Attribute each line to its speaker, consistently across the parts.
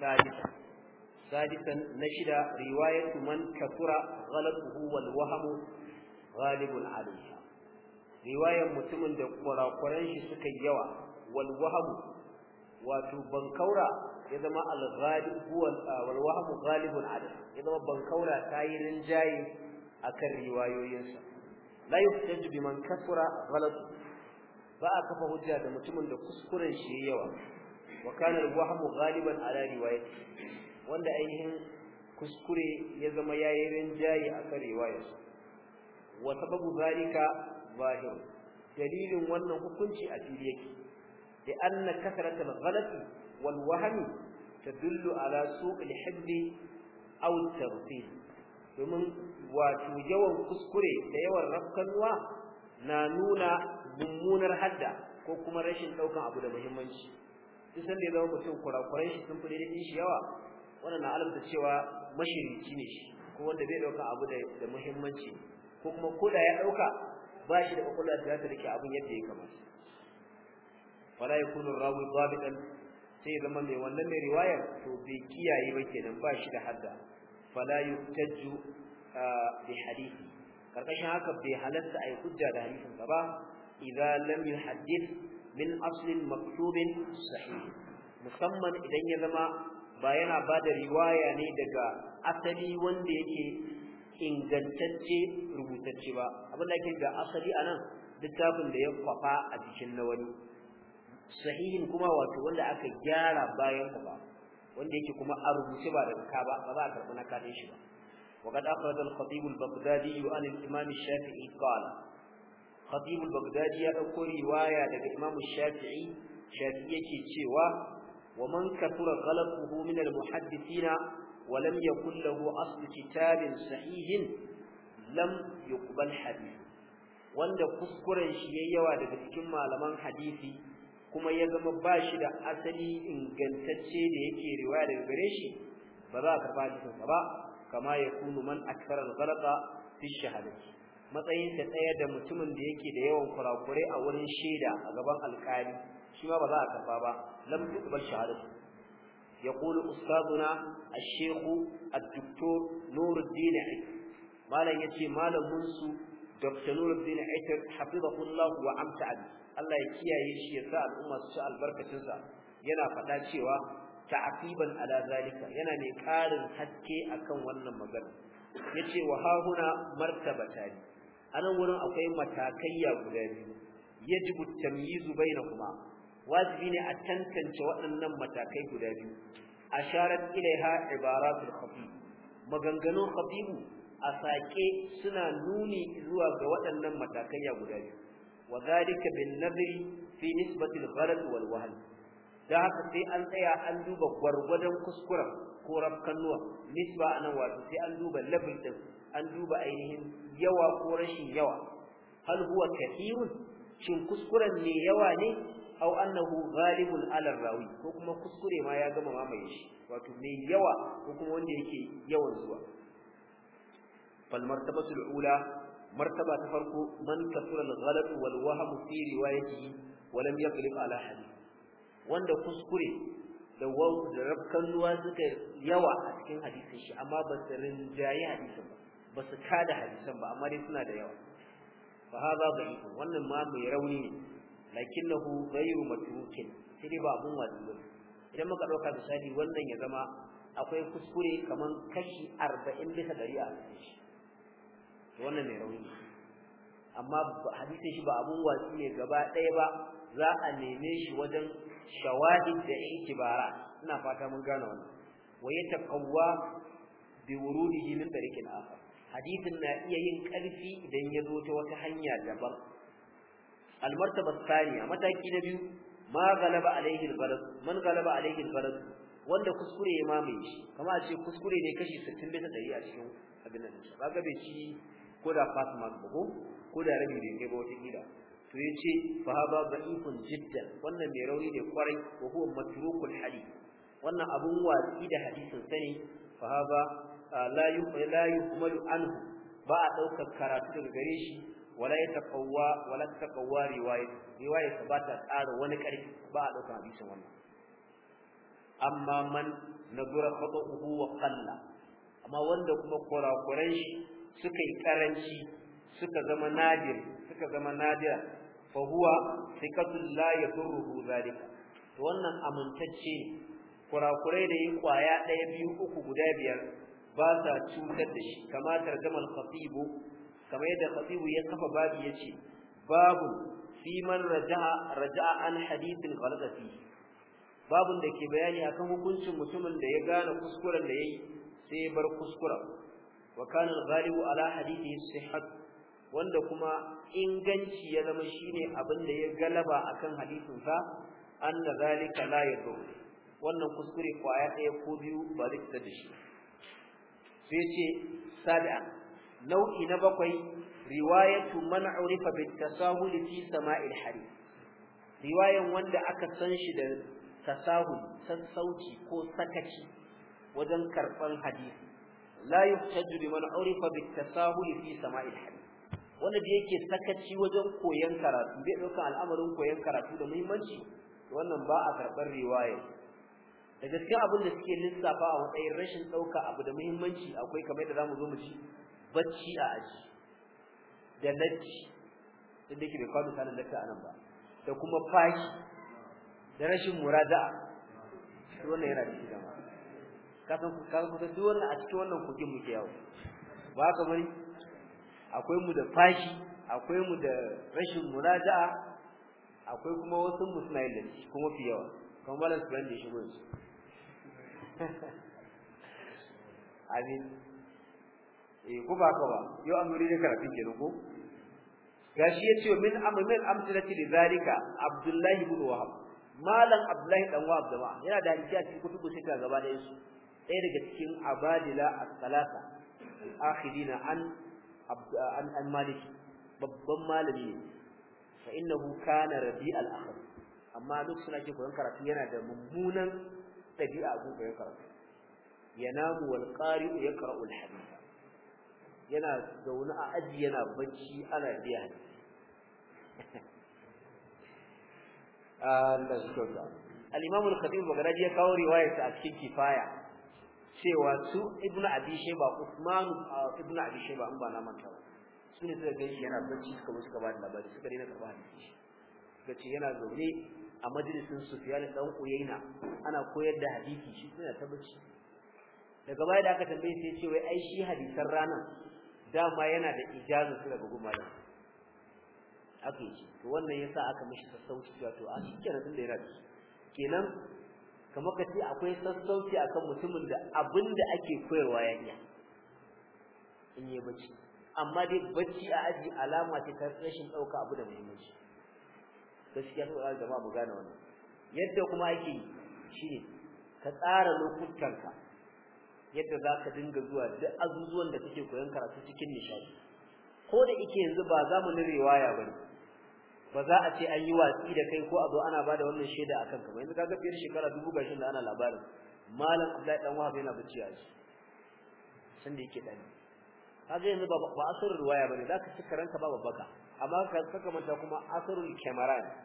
Speaker 1: sai ce sadisa na shida riwayatu man kafura ghalatuhu wal wahmu ghalibun alayha riwayar mutumin da kurakuran shi suka yawa wal wahmu wato bankaura ya zama al ghalib huwa wal wahmu ghalibun alayha ya zama bankaura tayi rinjaye akan riwayoyinsa la yuhtaju biman kafura ghalatuhu ba a kafa hujja da mutumin da kuskuren shi yawa Wakanar kana galiban wahmu ghaliban ala wanda ainihin kuskure ya zama yayi rinjaye a kan riwayarsa wa sababu zalika zahir dalilin wannan hukunci a fili yake da anna kasrata al-ghalati wal wahmi tadullu ala suq al-hadd aw tarfih domin wato yawan kuskure da yawan rafkanuwa na nuna mummunar hadda ko kuma rashin ɗaukar abu da muhimmanci duk da ya zama mutum kurakurai shi sun fi daidai shi yawa wannan na alamta cewa mashirici ne shi ko wanda bai dauka abu da muhimmanci ko kuma koda ya dauka ba shi da kwakwalwa da zata rike abun yadda ya kamata wala yakunu rawi dabitan sai ya zama mai wannan mai riwaya to bai kiyaye ba kenan ba shi da hadda fala yuktaju ah, bi hadisi karkashin haka bai halatta ai hujja da hadisin ba idza lam yuhaddith min aslin maktubin sahih musamman idan ya zama ba yana ba da riwaya ne daga asali wanda yake ingantacce rubutacce ba abin da yake ga asali anan littafin da ya kwafa a jikin na wani sahihin kuma wato wanda aka gyara bayan ba, wanda yake kuma a rubuce ba daga ka ba ba za a karɓi na kaɗin shi ba وقد أخرج الخطيب البغدادي عن الإمام الشافعي قال khatib al-baghdadi ya dauko riwaya daga imam shafi'i shafi'i yake cewa wa man kathura ghalatuhu min al-muhaddithina wa lam yakul lahu kitabin sahihin lam yuqbal hadith wanda kuskuren shi ya yawa daga cikin malaman hadisi kuma ya zama bashi da asali ingantacce da yake riwaya daga gare shi ba za a karba shi ba kama ya kunu numan akthara al-ghalata fi shahadati Matsayinsa tsayar da mutumin da yake da yawan kura a wurin shaida a gaban alƙalai, shima ba za a kafa ba, lambu duba shaharar. Ya ƙone ustazuna a sheku a duk doktar Nuhur Zina'a, malam ya ce malaminsu doktar Nuhur Zina'a ya ce Allah ya kiyaye shi ya sa al'umma su ci albarkatunsa, yana faɗa cewa ta'adibin al'azanikan, yana mai ƙarin haske akan wannan magana yace wa waha muna marta anan wurin akwai matakaiya guda biyu yajibu tamyizu bainahuma wajibi ne a tantance waɗannan matakai guda biyu asharat ilaiha ibaratul khafi maganganun khafihu a sake suna nuni zuwa ga waɗannan matakaiya guda biyu wa bin nadri fi nisbatil ghalat wal wahl da haka sai an tsaya an duba gwargwadon kuskuren ko rafkannuwa nisba anan wato sai an duba level an duba ainihin yawa ko rashin yawa hal huwa kathirun shin kuskuren ne yawa ne aw annahu ghalibun ala rawi ko kuma kuskure ma ya gama mamaye shi wato mai yawa ko kuma wanda yake yawan zuwa fal martabatu ula martaba ta farko man kasura al wal wahm fi riwayatihi wa lam yaqlib ala hadith wanda kuskure da wau da rabkan ruwa suka yawa a cikin hadisin shi amma ba su rinjaye hadisin ba ba su kada hadisan ba amma dai suna da yawa fa hada da'if wannan ma mai rauni ne lakinnahu ghayru matrukin sai dai ba abun wasi ba idan muka dauka misali wannan ya zama akwai kuskure kaman kashi 40 bisa 100 a cikin wannan mai rauni amma hadisin shi ba abun wasu ne gaba daya ba za a neme shi wajen shawahid da ikibara ina fata mun gane wannan wa yatakawwa bi wurudihi min tariqin akhar hadisin na iya yin ƙarfi idan ya zo ta wata hanya daban almartaba tsaniya mataki na biyu ma galaba alaihi albaras man galaba alaihi albaras wanda kuskure ya mamaye shi kamar a ce kuskure ne kashi 60 bisa 100 a cikin shi. Ba ga bai ci ko da pass ba ko ko da rabi da kai ba wata kila to ba fa haba ba'ifun jiddan wannan mai rauni ne kwarai wa huwa matrukul hadith wannan abun watsi da hadisin sani fa haba la la yuhmalu anhu ba a daukar karatu daga gare shi wala yataqawwa wala taqawwa riwaya riwaya ba ta tsara wani karfi ba a daukar hadisin wannan amma man nadura khata'uhu wa qalla amma wanda kuma kurakuran shi suka yi karanci suka zama nadir suka zama nadira fa huwa thiqatul la yadurruhu zalika to wannan amintacce kurakurai da yin kwaya ɗaya biyu uku guda biyar ba sa cutar da shi kama tarjamar khatibu kama yadda khatibu ya kafa babu ya ce babu siman raja'a raja'a an hadithin ghalata babun da ke bayani akan hukuncin mutumin da ya gane kuskuren da yayi sai bar kuskuren wa kana al-ghalibu ala hadithi sihhat wanda kuma inganci ya zama shine abin da ya galaba akan hadisin sa anna zalika la yadur wannan kuskure kwaya ɗaya ko biyu ba zai fitar da shi sai ce sabi'a nau'i na bakwai riwayatu man urifa bit tasahul fi sama'il hari riwayan wanda aka san shi da tasahul sassauci ko sakaci wajen karban hadisi la yuhtaju liman urifa bit tasahul fi sama'il hari wanda da yake sakaci wajen koyon karatu bai dauka al'amarin koyon karatu da muhimmanci wannan ba a karban riwayar da cikin abin da suke lissafa a matsayin rashin ɗauka abu da muhimmanci akwai kamar da zamu zo mu ci bacci a aji da lacci inda ke bai kawo sanin lacci a nan ba da kuma fashi da rashin murada'a wannan yana da shi dama kasan ku kasan kusa duk wannan a cikin wannan kogin muke yawo ba ka bari akwai mu da fashi akwai mu da rashin murada'a akwai kuma wasu musnayin da kuma fi yawa kamar malam Suleiman ya shigo yanzu amin eh ko ba ka ba yau an nuri da karatun kenan ko gashi wa min ammin amsalati lidhalika abdullahi ibn wahab malam abdullahi dan wahab ba yana da hadisi a cikin kutubu sita gaba da su ɗaya daga cikin abadila as-salasa akhirina an an malik babban malami ne fa innahu kana rabi al Amma amma suna ke koyon karatu yana da mummunan ɗabi'a abin da ya karatu yanamu wal qari'u yaqra'u al hadith yana zaune a aji yana bacci ana biya ah, Allah shi kyauta al-imam al-khatib ya kawo riwayar ta a cikin kifaya cewa su ibn abi shayba usman ah, ibn abi shayba an ba na manta su ne suka gaishe yana bacci suka musu gaba da labari suka rena karba hadisi suka ce yana zaune a majalisin Sufyan dan Uyayna ana koyar da hadisi shi kuma tabbaci daga baya da aka tambaye sai ya ce wai ai shi hadisan ranan dama yana da ijazu daga gumalan aka yi to wannan yasa aka mishi sassauci wato a shikenan da yana da kenan kamar ka ce akwai sassauci akan mutumin da abinda ake koyarwa iya in yi bacci amma dai bacci a aji alama ce ta rashin dauka abu da muhimmanci gaskiya so a jama'a mu gane wannan yadda kuma shi shine ka tsara lokutanka yadda za ka dinga zuwa duk azuzuwan da kake koyon karatu cikin nishadi ko da yake yanzu ba za ni riwaya bane ba za a ce an yi watsi da kai ko a zo ana bada wannan shaida akan ka ba yanzu kaga fiye da shekara dubu gashin da ana labarin malam Abdullahi dan wahabi yana bacci a shi san da yake dani kaga yanzu ba ba asrul riwaya bane zaka ci karanta ba babbaka amma ka saka manta kuma asrul ne.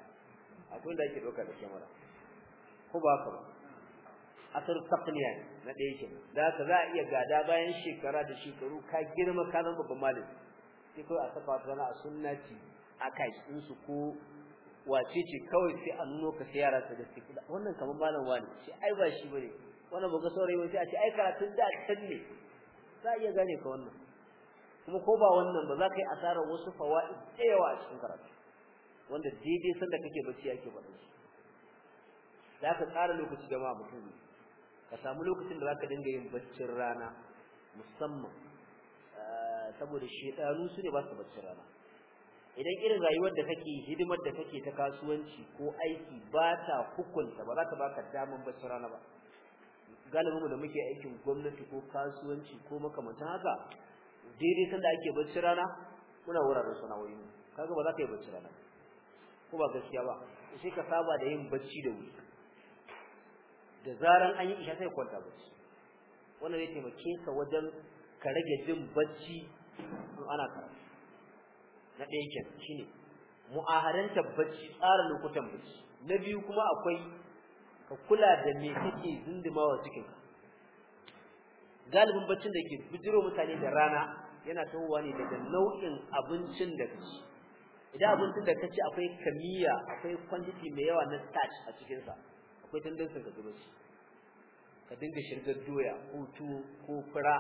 Speaker 1: abin da yake doka da kyamara ko ba ka asar taqniya na ɗaya yake da ka za a iya gada bayan shekara da shekaru ka girma ka zama babban malami sai ko a saka ta a sunnati a in su ko wace ce kawai sai a nuno ka sai yara da suke wannan kamar malam wani shi ai ba shi bane wannan boga ga saurayi ba sai a ce ai karatun da can ne za a iya gane ka wannan kuma ko ba wannan ba za ka yi asarar wasu fawaid da yawa a cikin karatu wanda daidai sanda kake bacci yake ba shi za ka tsara lokaci da ma mutum ka samu lokacin da zaka dinga yin baccin rana musamman eh, saboda shedanu su ne ba su baccin rana idan irin rayuwar da kake hidimar da kake ta kasuwanci ko aiki ba ta hukunta ba za ta baka daman baccin rana ba galibinmu da muke aikin gwamnati ko kasuwanci ko makamantan haka daidai sanda ake baccin rana muna wuraren sana'o'i kaga ba za ka yi baccin rana ko ba gaskiya ba sai ka saba da yin bacci da wuri da zaran an yi isha sai kwanta bacci wannan zai taimake ka wajen ka rage jin bacci in ana karatu na ɗaya shi shine mu'aharanta bacci tsara lokutan bacci na biyu kuma akwai ka kula da me kake zindimawa cikin galibin baccin da ke bijiro mutane da rana yana tawowa ne daga nau'in abincin da kake idan abincin da kace akwai kamiya akwai quantity mai yawa na starch a cikin sa akwai tendency ka zuba shi ka dinga shirgar doya ko tuwo ko fura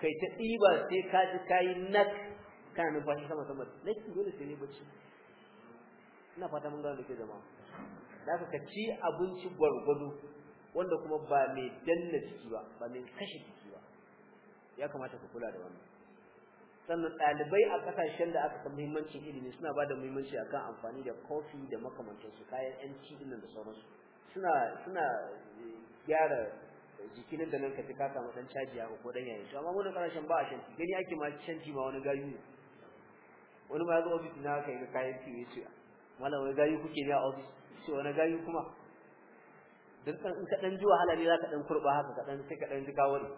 Speaker 1: kai ta diba sai ka ji kai nak kana numfashi sama sama Lakin dole sai ne bacci ina fata mun ga da ke zama zaka ka ci abinci gwargwado wanda kuma ba mai danna jiki ba ba mai kashe jiki ba ya kamata ka kula da wannan sannan ɗalibai a ƙasashen da aka san muhimmancin ilimi suna ba da muhimmanci akan amfani da kofi da makamantansu kayan yanci ɗin da sauransu suna suna eh, gyara jiki nan da nan ka ka samu ɗan caji haka ko ɗan yayin amma mu da ba a shanti gani ake ma shanti ma wani gayu ne wani ma ya zo ofis na haka yaga kayan ci ya ce malam wani gayu kuke ne a ofis ce wani gayu kuma dan in ka ɗan ji wahala ne za ka ɗan kurɓa haka ka ɗan sai ka ɗan ji gawar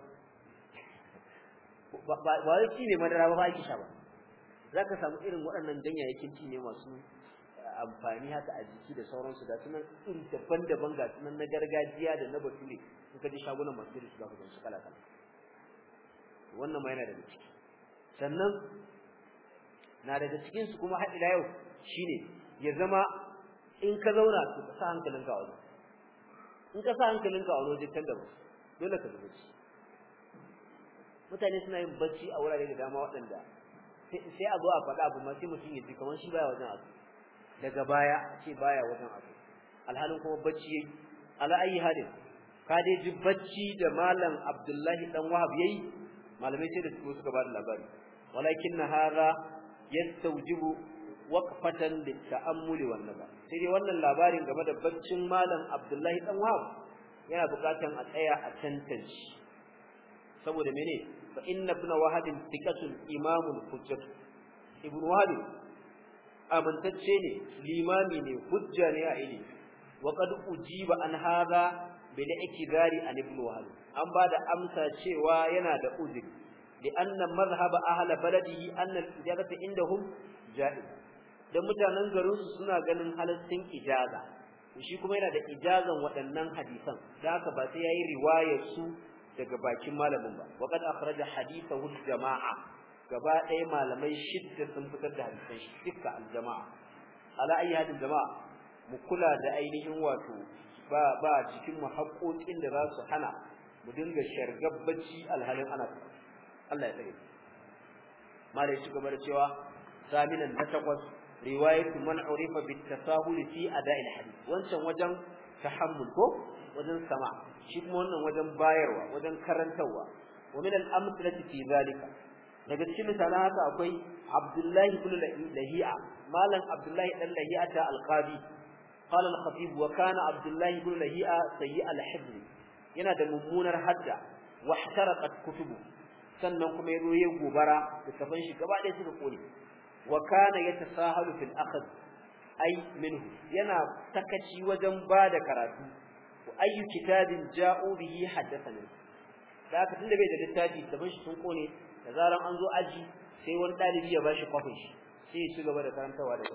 Speaker 1: ba wai ci ne madara ba ba sha ba zaka samu irin waɗannan ganyayyakin ci ne masu eh, amfani haka a jiki da sauransu da sunan irin daban-daban ga sunan na gargajiya da na bature in ka ji shagunan masu irin su za ku ga su kala-kala wannan ma yana daga ciki sannan na daga cikin su kuma haɗi da yau shine ya zama in ka zauna ka sa hankalinka a wajen in ka sa hankalinka a wajen kan da ba dole ka zuba ci mutane suna yin bacci a wurare da dama waɗanda sai a zo a faɗa abu ma sai mutum ya kamar shi baya wajen abu daga baya ce baya wajen abu alhalin kuma bacci yayi ala ayi halin ka dai ji bacci da malam Abdullahi dan Wahab yayi malamai sai da su suka ba da labari walakin hadha yastawjibu waqfatan litta'ammuli wannan nazar sai dai wannan labarin game da baccin malam Abdullahi dan Wahab yana bukatan a tsaya a tantance saboda mene fa inna ibn wahab thiqatun imamul hujjat ibn wahab amintacce ne limami ne hujja ne a ilimi wa qad ujiba an hadha bil ikdari an ibn wahab an bada amsa cewa yana da uzuri li'anna madhhab ahli baladihi anna al-ijazata indahum jaiz dan mutanen garin su suna ganin halaccin ijaza shi kuma yana da ijazan waɗannan hadisan da haka ba sai yayi riwayar su daga bakin malamin ba wa kad akhraja hadithahu jamaa gaba ɗaya malamai shidda sun fitar da hadisan shi dukkan aljamaa ala ayi hadin jamaa mu kula da ainihin wato ba ba cikin mu haƙoƙin da za su hana mu dinga shargabbaci alhalin ana Allah ya tsare malai shi gaba da cewa zaminan na takwas riwayatu man urifa bit tasahul fi ada'il hadith wancan wajen tahammul ko wajen sama shi kuma wannan wajen bayarwa wajen karantarwa wa min al-amsalati fi zalika daga cikin misalan akwai Abdullahi ibn Lahi'a malam Abdullahi dan Lahi'a ta al-Qadi qala al-Khatib wa kana Abdullahi ibn Lahi'a sayyi al yana da mummunar hadda wa ihtaraqat kutubu sannan kuma yazo yayin gobara da kafan shi gaba ɗaya suka kone wa kana yatasahalu fil akhd ay minhu yana takaci wajen bada karatu ayyu kitabin ja'u bihi haddathana da haka tunda bai da littafi da ban shi sun kone da zaran an zo aji sai wani dalibi ya bashi kwafin shi sai ya ci gaba da karantawa da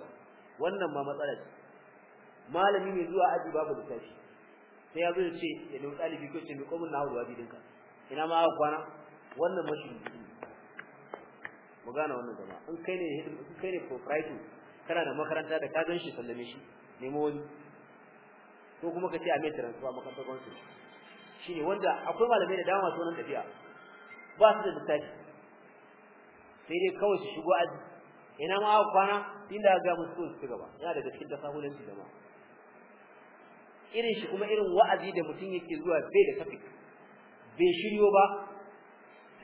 Speaker 1: wannan ma matsala ce malami ne zuwa aji babu littafi sai ya zo ya ce ya dau dalibi ko ce mai komun na hawa ka. ina ma aka kwana wannan mashi mu gane wannan jama'a in kai ne in kai ne proprietor kana da makaranta da ka gan shi sallame shi nemo wani ko kuma ka ce a mai transfer makarantar shi shine wanda akwai malamai da dama su nan tafiya ba su da tsari sai dai kawai su shigo aji ina ma aka kwana inda ga musu su ci gaba yana daga cikin da ma. irin shi kuma irin wa'azi da mutum yake zuwa bai da tafi bai shiryo ba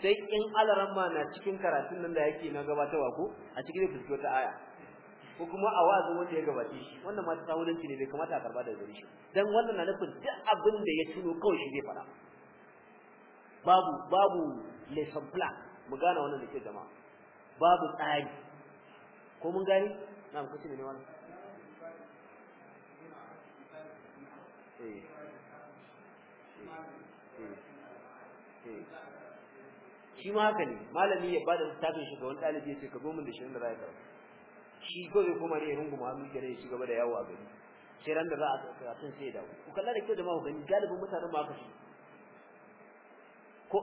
Speaker 1: sai in alaramma na cikin karatun nan da yake na gabatarwa ko a cikin fuskota aya ko kuma a wazin wanda ya gabace shi wannan ma ta tsawulanci ne bai kamata a karba da gari shi dan wannan na nufin duk abin da ya tuno kawai shi zai fara babu babu le plan mu gane wannan da ke jama'a babu tsari ko mun gani na mu kace ne wannan eh. eh. eh. shi ma haka ne malami ya bada littafin shi ga wani ɗalibi ya ce ka zo min da shirin da za ka karanta shi ko zai koma ne ya runguma mun kenan shi gaba da yawo a gari sai ran da za a karatun sai da ku kalla da kyau da mawa gani galibin mutanen ma haka su ko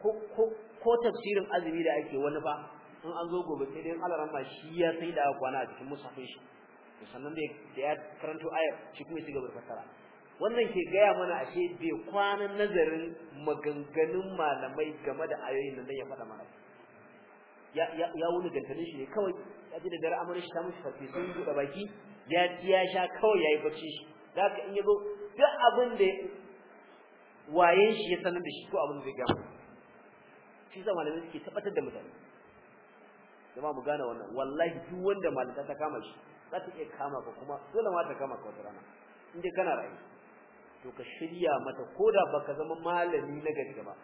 Speaker 1: ko ko tafsirin azumi da ake wani ba in an zo gobe sai dai in alaran ma shi ya sai da kwana a cikin musafin shi sannan da ya karanto ayar shi kuma ya gaba da fasara wannan ke gaya mana ashe bai kwana nazarin maganganun malamai game da ayoyin nan ya faɗa mana ya ya wuni dantalin shi ne kawai aji da dare amurin shi ta mushi farfi sun buɗe baki ya ya sha kawai yayi bacci shi zaka in yazo duk abin da wayen shi ya sanar da shi ko abin da ya shi zama da suke tabbatar da mutane jama'a mu gane wannan wallahi duk wanda malaka ta kama shi za ta iya kama ka kuma dole ma ta kama ka wata rana in dai kana rayu to ka shirya mata koda baka zama malami na gari ba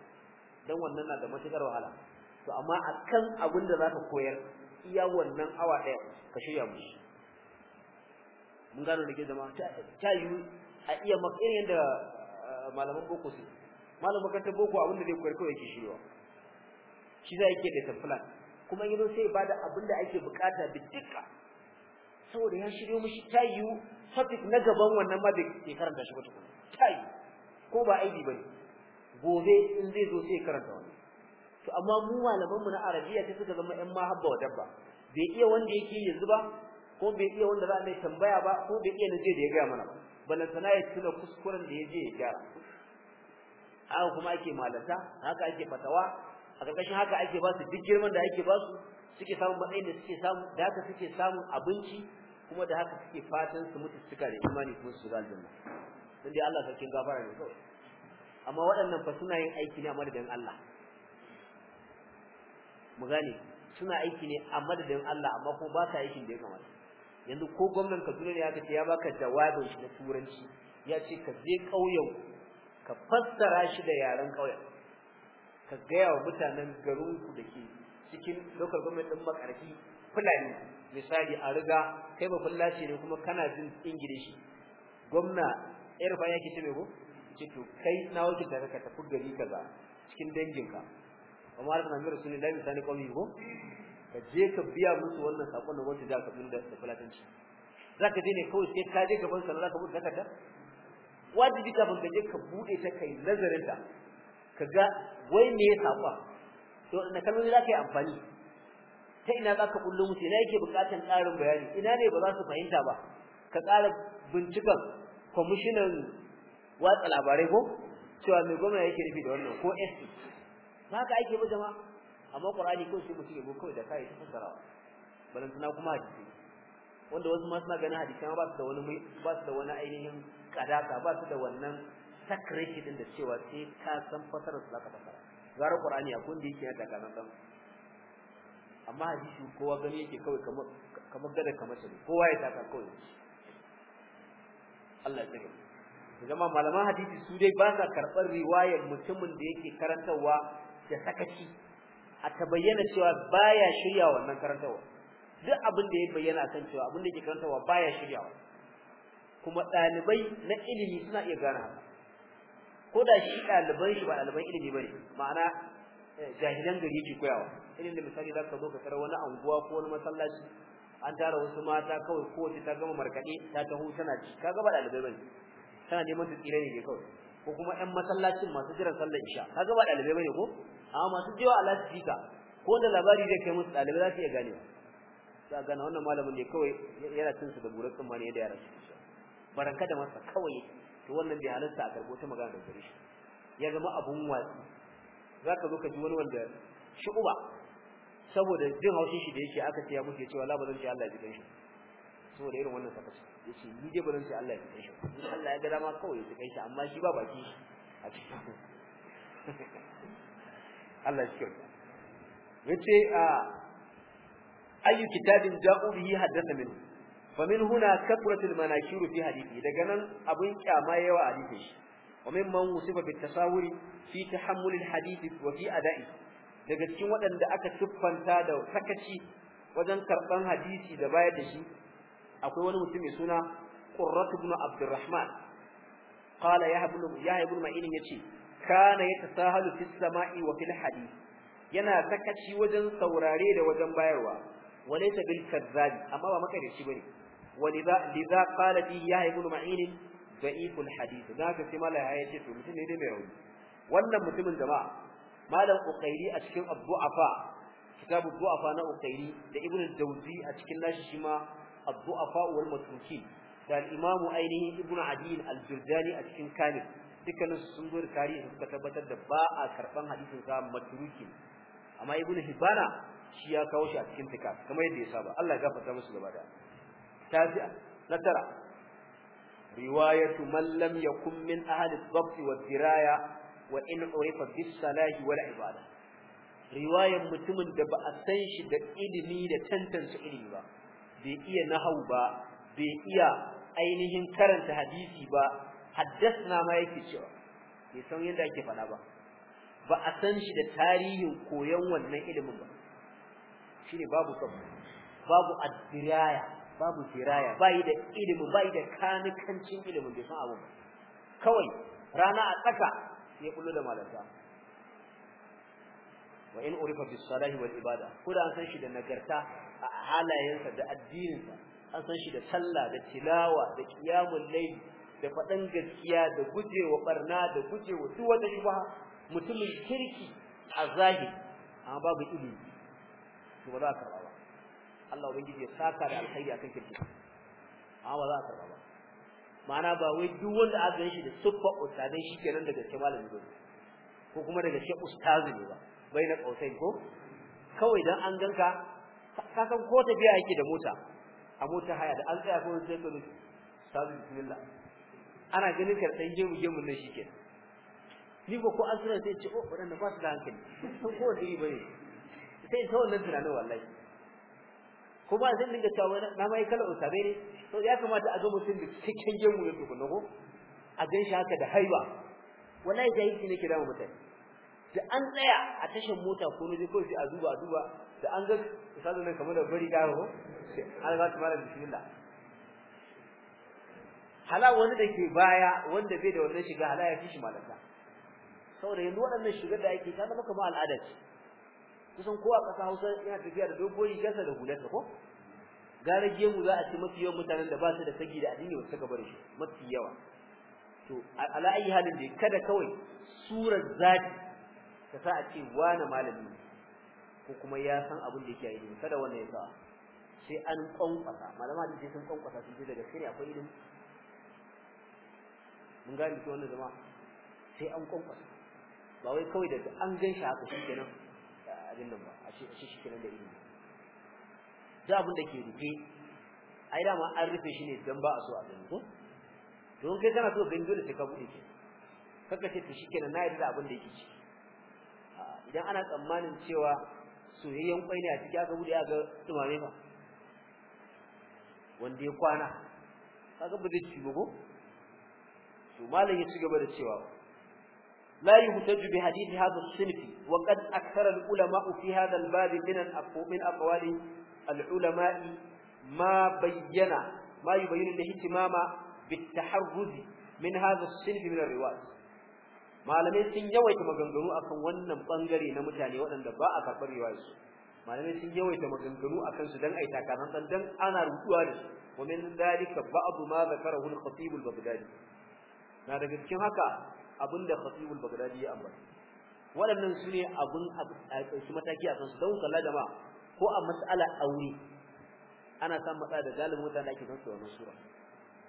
Speaker 1: dan wannan na da matukar wahala to amma akan abin da zaka koyar iya wannan awa ɗaya ka shirya musu mun gano da ke zama ta yiwu a iya makin yadda eh, malaman boko su malaman kanta boko abin da zai koyar kawai ke shirya shi za a yake da tafilan kuma yi sai ba da abin da ake bukata da duka saboda ya shirya mushi ta yiwu topic na gaban wannan ma bai karanta shi ba ta yiwu ko ba aibi ba ne gobe in zai zo sai karanta wani to amma mu malaman mu na arabiya ta suka zama ɗan mahabba wa dabba bai iya wanda yake yanzu ba ko bai iya wanda za a mai tambaya ba ko bai iya naje da ya gaya mana ba balan sana ya tuna kuskuren da ya je ya gyara haka kuma ake malata haka ake fatawa a ƙarƙashin haka ake ba su duk girman da ake ba su suke samun matsayin da suke samu da haka suke samun abinci kuma da haka suke fatan su mutu suka da imani kuma su shiga aljanna dan dai Allah sarkin gafara ne kawai amma waɗannan fa suna yin aiki ne a madadin Allah mu gane suna aiki ne a madadin Allah amma ko ba sa aikin da ya kamata yanzu ko gwamnan Kaduna ne aka ce ya baka jawabin shi na turanci ya ce ka je kauyen ka fassara shi da yaren ƙauyen ka gaya wa mutanen garinku da ke cikin local government din makarfi fulani misali a riga kai ba fullaci ne kuma kana jin ingilishi gwamna irfa yake ce me ko ce to kai na wuce ka tafi gari kaza cikin danginka amma da nan rasulullahi da misali kawai ko ka je ka biya musu wannan sakon da wanda da ka bin da falatanci zaka je ne kawai sai ka je gaban sallah ka buɗe takarda wajibi ka ban gaje ka buɗe ta kai nazarin ta kaga wai me ya sakwa to na kalmomi za kai yi amfani ta ina za ka kullo musu ina yake bukatun ƙarin bayani ina ne ba za su fahimta ba ka ƙara bincikan kwamishinan watsa labarai ko cewa mai gwamna yake nufi da wannan ko esti haka ake ba jama'a amma qur'ani ko sai mu ya go da kai ta fassarawa balan tana kuma hadisi wanda wasu ma suna ganin hadisi ba su da wani ba su da wani ainihin kadaka ba su da wannan sakreti din da cewa sai ka san fassarar su zaka fasara. gara qur'ani a kun da yake da kanan dan amma hadisi kowa gani yake kawai kamar kamar gada kamar shi kowa ya taka kawai Allah ya tsare jama'a malaman hadisi su dai ba sa karɓar riwayar mutumin da yake karantarwa da sakaci a ta bayyana cewa baya shirya wannan karantawa duk abin da ya bayyana kan cewa abin da yake karantawa baya shirya kuma ɗalibai na ilimi suna iya gane haka ko da shi ɗaliban shi ba ɗaliban ilimi bane ma'ana eh, jahilan gari ke koyawa irin da misali za ka zo ka tarar wani anguwa ko wani masallaci an tara wasu mata kawai kowace ta gama markaɗe ta taho tana ci kaga ba ɗalibai bane tana neman su tsira ne kawai ko kuma ƴan masallacin masu jiran sallar isha kaga ba ɗalibai bane ko amma masu jiwa Allah jika ko da labari zai kai musu dalibai za su iya gane sai gane wannan malamin ne kawai yana cin su da burakin mani da yaran su baraka da masa kawai to wannan bai halarta a karbo ta magana da gare shi ya zama abun watsi zaka zo ka ji wani wanda uba saboda jin haushin shi da yake aka ce ya mutu ya ce wallahi bazan ce Allah ya ji shi saboda irin wannan sakaci yace ni dai bazan ce Allah ya ji shi Allah ya ga dama kawai ya ji shi amma shi ba baki a cikin Allah shi kyauta yace a ayu kitabin ja'u bihi haddatha min fa min huna katratul manakir fi hadithi daga nan abun kyama yawa a hadithi shi wa min man usifa bit tasawuri fi tahammul al hadithi wa fi ada'i daga cikin waɗanda aka tuffanta da sakaci wajen karban hadisi da bayar da shi akwai wani mutum mai suna Qurrat ibn Abdurrahman qala ya ibn ya ibn Ma'in yace kana yatasahalu fis sama'i wa fil hadith yana sakaci wajen saurare da wajen bayarwa walaysa bil kazzabi amma ba maka da shi bane walidha lidha qala bi yahya ibn ma'in da'if al da ka sai mala ya ce to mutum ne dai mai rauni wannan mutumin jama'a malam uqairi a cikin abdu'afa kitabu du'afa na uqairi da ibn al-jawzi a cikin nashi shi ma abdu'afa wal da al-imam ainihi ibn adil al-jurjani a cikin kamil dukkanin su sun zo da tarihi suka tabbatar da ba a karban hadisin sa matruki amma ibnu hibana shi ya kawo shi a cikin tuka kamar yadda ya saba Allah ya gafarta musu gaba da tabi'a na tara riwayatu man lam yakun min ahli dhabt wa diraya wa in urifa bis salahi wal ibada riwaya mutumin da ba a san shi da ilimi da tantance ilimi ba bai iya nahau ba bai iya ainihin karanta hadisi ba haddasna ma yake cewa bai san yadda ake faɗa ba ba a san shi da tarihin koyon wannan ilimin ba Shi ne babu sabu babu addiraya babu tiraya yi da ilimin, ba yi da kanikancin ilimin bai san abu ba kawai rana a tsaka ya kullu da malaka wa in urifa bi salahi wal ibada kuda an san shi da nagarta a halayensa da addininsa an san shi da sallah da tilawa da qiyamul layl da faɗan gaskiya da gujewa barna da gujewa duk wata shubha mutumin kirki a zahiri amma babu ilimi to ba za ka ba Allah ubangiji ya saka da alkhairi akan kirki amma ba za ka ba ma'ana ba wai duk wanda aka gan shi da suffa ustadai shikenan daga kemalin malami ko kuma daga shi ustazu ne ba bai na kausai ko kawai dan an ganka ka san ko tafiya yake da mota a mota haya da an tsaya ko sai ka ta bismillah ana ganin ka mu gemu gemu nan shike ni ko ko an tsira sai ce oh wannan ba su da hankali sun ko da yi bane sai ta wannan tunanin wallahi kuma zan dinga cewa na mai kala usabe ne to ya kamata a ga mutum da cikin gemu ne tukuna ko a gan shi haka da haiba wallahi jahilci ne kira mu mutane da an tsaya a tashin mota ko ne ko sai a duba a duba da an ga misalin nan kamar da bari da ho sai an ga bismillah hala wani da ke baya wanda bai da wannan shiga hala ya fi shi malaka saboda yanzu wannan shigar da ake ta maka ma al'ada ce kusan kowa ƙasa Hausa yana tafiya da dogoyi gasa da hularsa ko gara gemu za a ci mafi yawan mutanen da ba su da sagi da addini wasu su gaba shi mafi yawa to ala ayi halin da kada kawai surar zati ta sa a ce wani malami ko kuma ya san abin da yake yi kada wannan ya sa sai an kwankwasa malama da sai sun kwankwasa sun ce daga kai akwai ilimi mun gane ko wannan jama'a sai an kwankwasa ba wai kawai da an gan shi haka shikenan abin nan ba a ce shi shikenan da ilimi da abin da ke rufe ai dama an rufe shi ne dan ba a so a gani ko don kai kana so gani dole sai ka bude shi kaka ce to shikenan na yarda abin da yake ci idan ana tsammanin cewa soyayyen kwai ne a cikin aka bude aka dumame ba wanda ya kwana kaga ba zai ci ba ko to malam ya ci gaba da cewa la yuhtaju bi hadith hadha as-sinf wa ulama fi hadha al-bab min al-aqwal aqwali al ma bayyana ma yubayyin al-ihtimama bit-taharruz min hadha as-sinf min malamai sun yawaita maganganu akan wannan bangare na mutane waɗanda ba a karɓar riwayarsu malamai sun yawaita maganganu dan ai takaran sandan ana rubuwa da su ومن ذلك بعض ما ذكره الخطيب البغدادي na daga cikin haka abinda khatibul bagdadi ya ambata waɗannan su ne a su mataki a su don kalla jama'a ko a mas'ala aure ana san matsala da galibi mutane ake su wannan sura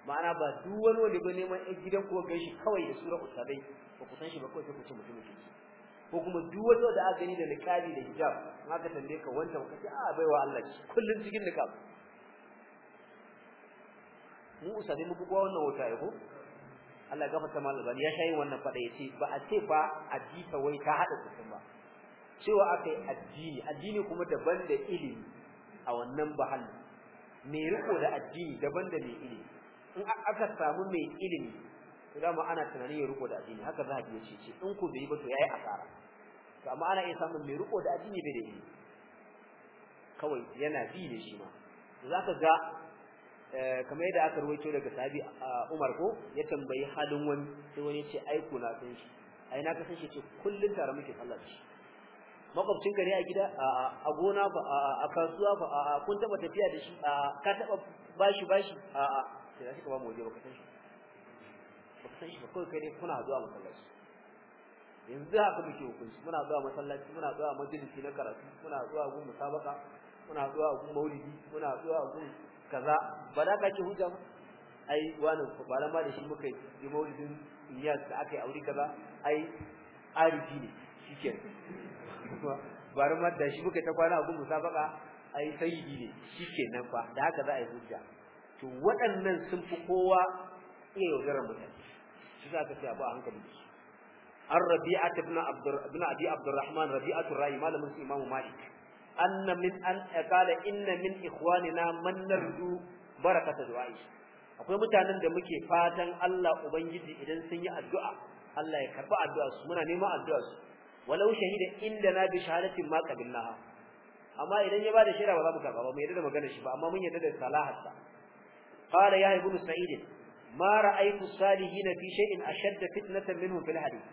Speaker 1: ma'ana ba duk wani wanda ba neman ɗan gidan ko gan shi kawai da sura ustadai ba ku san shi ba kawai sai ku ce mutum ke ko kuma duk wata da aka gani da likali da hijab in aka tambaye ka wanda ka ce a ah, baiwa Allah ki kullun cikin nikab mu mu muku ga wannan wata ko Allah gafarta mal albani ya shayi wannan fada yace ba a ce ba addini wai ta hada su ba cewa akai addini addini kuma daban da ilimi a wannan bahal mai riko da addini daban da mai ilimi in aka samu mai ilimi to dama ana tunanin ya riko da addini haka za a ji ce in ku bai ba to yayi asara to amma ana iya samun mai riko da addini bai da ilimi kawai yana bi ne shi ma zaka ga Eh, kamar yadda aka rawaito daga sabi Umar ko ya tambayi halin wani sai wani ce ai ku na san shi ai na kasan shi ce kullun tare muke sallah shi makwabcin ka ne a gida a gona fa a kasuwa fa kun taba tafiya da shi ka taba bashi bashi a a sai shi ka ba mu waje ka san shi ka san shi ba kawai kai ne kuna zuwa masallaci yanzu haka muke hukunci muna zuwa masallaci muna zuwa majalisi na karatu muna zuwa gun musabaka muna zuwa gun maulidi muna zuwa gun kaza ba da ka ci hujja ba ai wani kwalan ma da shi muka yi maulidin iyas da aka yi aure kaza ai arifi ne shike bari ma da shi muka ta kwana abun musabaka ai sayyidi ne shike nan fa da haka za a yi hujja to waɗannan sun fi kowa iya yaudarar mutane shi za ka ce abu a hankali da shi an rabi'a ibn abdur ibn abi abdurrahman rabi'atu ra'i malamin su imamu malik anna min an qala inna min ikhwanina man narju barakata du'ai akwai mutanen da muke fatan Allah ubangiji idan sun yi addu'a Allah ya karba addu'a su muna neman addu'a su walau shahida inda na bi shahadatin ma qabillaha amma idan ya bada shaida ba za mu karba ba mu yarda magana maganar shi ba amma mun yarda da salahatsa qala ya ibnu sa'id ma ra'aytu salihina fi shay'in ashadda fitnatan minhum fil hadith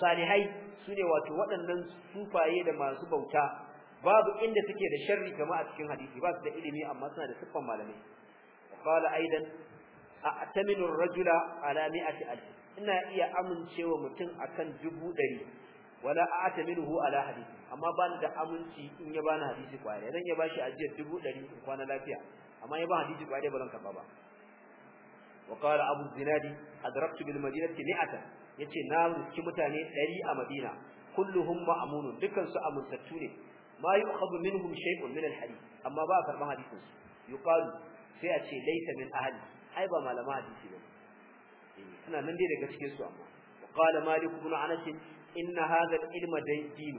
Speaker 1: salihai sune wato waɗannan sufaye da masu bauta babu inda suke da sharri kamar a cikin hadisi ba su da ilimi amma suna da siffan malamai qala aidan a'taminu ar-rajula ala mi'ati alf ina iya amincewa mutum akan dubu dari wala a'taminuhu ala hadisi amma ni da aminci in ya bani hadisi kware dan ya bashi ajiyar dubu dari in kwana lafiya amma ya ba hadisi kware ba zan karba ba wa qala abu zinadi adraktu bil madinati mi'ata yace na riski mutane 100 a madina kulluhum ma'munun dukansu amintattu ne ma yu'khadhu minhum shay'un min al-hadith amma ba a karban hadisin su yuqalu sai a ce laysa min ahli ai ba malama hadisi ba ina nan dai daga cikin su amma qala malik ibn anas inna hadha al-ilma din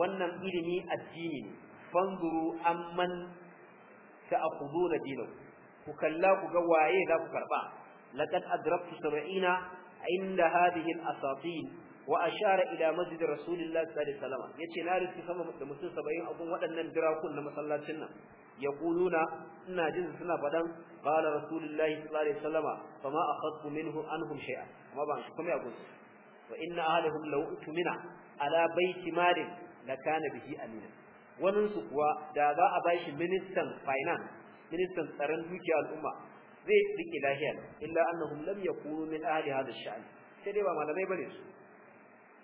Speaker 1: wannan ilimi addini ne fanzuru amman ta'khuduna dinahu ku kalla ku ga waye za ku karba laqad adraktu 70 inda hadhihi al-asatin wa ashara ila masjid rasulillah sallallahu alaihi wasallam yace na rufe sama da mutum 70 abun waɗannan dirakun na masallacin nan yaquluna ina jin suna fadan qala rasulullah sallallahu alaihi wasallam fama akhadtu minhu anhum shay'a amma ban kuma ya gudu wa inna ahlahum law utmina ala baiti malin lakana bihi amina wannan su kuwa da za a bashi ministan finance ministan tsaron dukiya al'umma zai rike lahiya illa annahum lam yakunu min ahli hadha ash-sha'n sai dai ba malamai bane su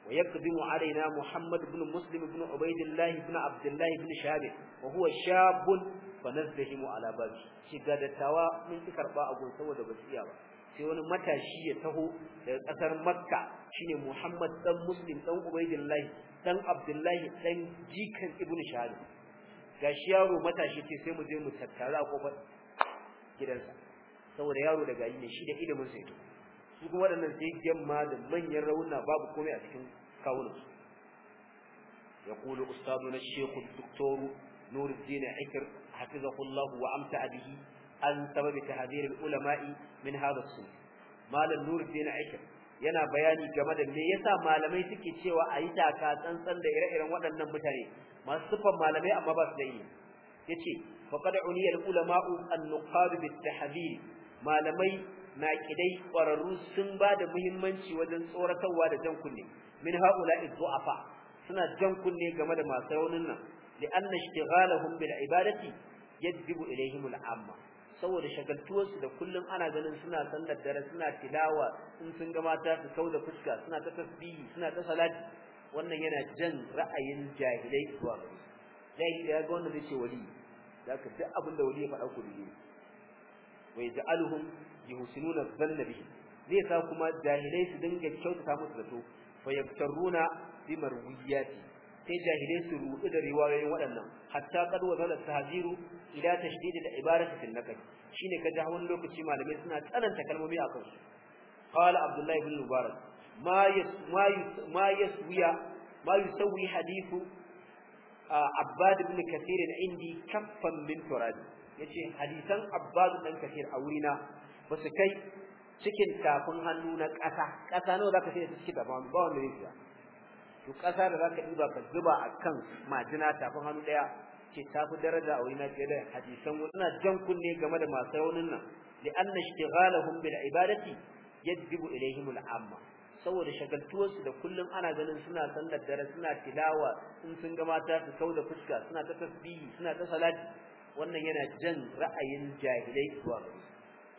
Speaker 1: ويقدم علينا محمد بن مسلم بن عبيد الله بن عبد الله بن شهاب وهو شاب فنزهم على بابه shiga dattawa tawa mun ki karba a gun saboda basiya ba sai wani matashi ya taho daga kasar makka shine muhammad dan muslim dan ubaidillahi dan abdullahi dan jikan ibnu shahab gashi yaro matashi ce sai mu je mu tattara a kofar gidansa saboda yaro daga yi ne shi da ilimin sai to su kuma waɗannan sai ma da manyan rauna babu komai a cikin kawunansu ya kula ustadu na shehu Aikir nuruddin ikir hafizahullah wa amta bihi an sababi tahdir ulama'i min hadha sun malam nuruddin Aikir yana bayani game da me yasa malamai suke cewa a yi taka tsantsan da ire-iren waɗannan mutane masu sifan malamai amma ba su da ilimi yace faqad uniya al-ulama'u an-nuqad bit-tahdhir malamai Na kidai ƙwararru sun ba da muhimmanci wajen tsoratarwa da jan kunne min haula Afa, suna jan kunne game da masu raunin nan li anna ishtighalahum bil ibadati yadbibu ilayhim al amma saboda shagaltuwar su da kullum ana ganin suna sallar dare suna tilawa sun sun ga mata su kauda fuska suna ta tasbihi suna ta salati wannan yana jan ra'ayin jahilai zuwa jahilai ga wanda zai ce wali zaka duk abin da wali ya faɗa ku ne wa yaj'aluhum yuhsinuna dhanna bihi zai sa kuma jahilai su dinga kyautata musu zato fa yaftaruna bi marwiyati sai jahilai su rudu da riwayoyin waɗannan hatta qad wazala tahziru ila tashdid da ibarati fil naqd shine kaji hawan lokaci malamai suna tsananta kalmomi akan su qala abdullahi ibn mubarak ma yas ma yas ma yaswiya ما يسوي حديث عباد بن كثير عندي كفا yace hadisan Abbas dan kafir a wurina ba su kai cikin tafin hannu na ƙasa ƙasa nawa zaka ce ta cikin da ba wanda yake to ƙasa da zaka diba ka zuba akan majina tafin hannu daya ce tafi daraja a wurina fiye da hadisan wannan jan kunne game da masu raunin nan li anna ishtighalahum bil ibadati yajibu ilayhim al amma saboda shagaltuwarsu da kullum ana ganin suna sallar dare suna tilawa in sun ga mata su da fuska suna ta tasbihi suna ta salati wannan yana jan ra'ayin jahilai zuwa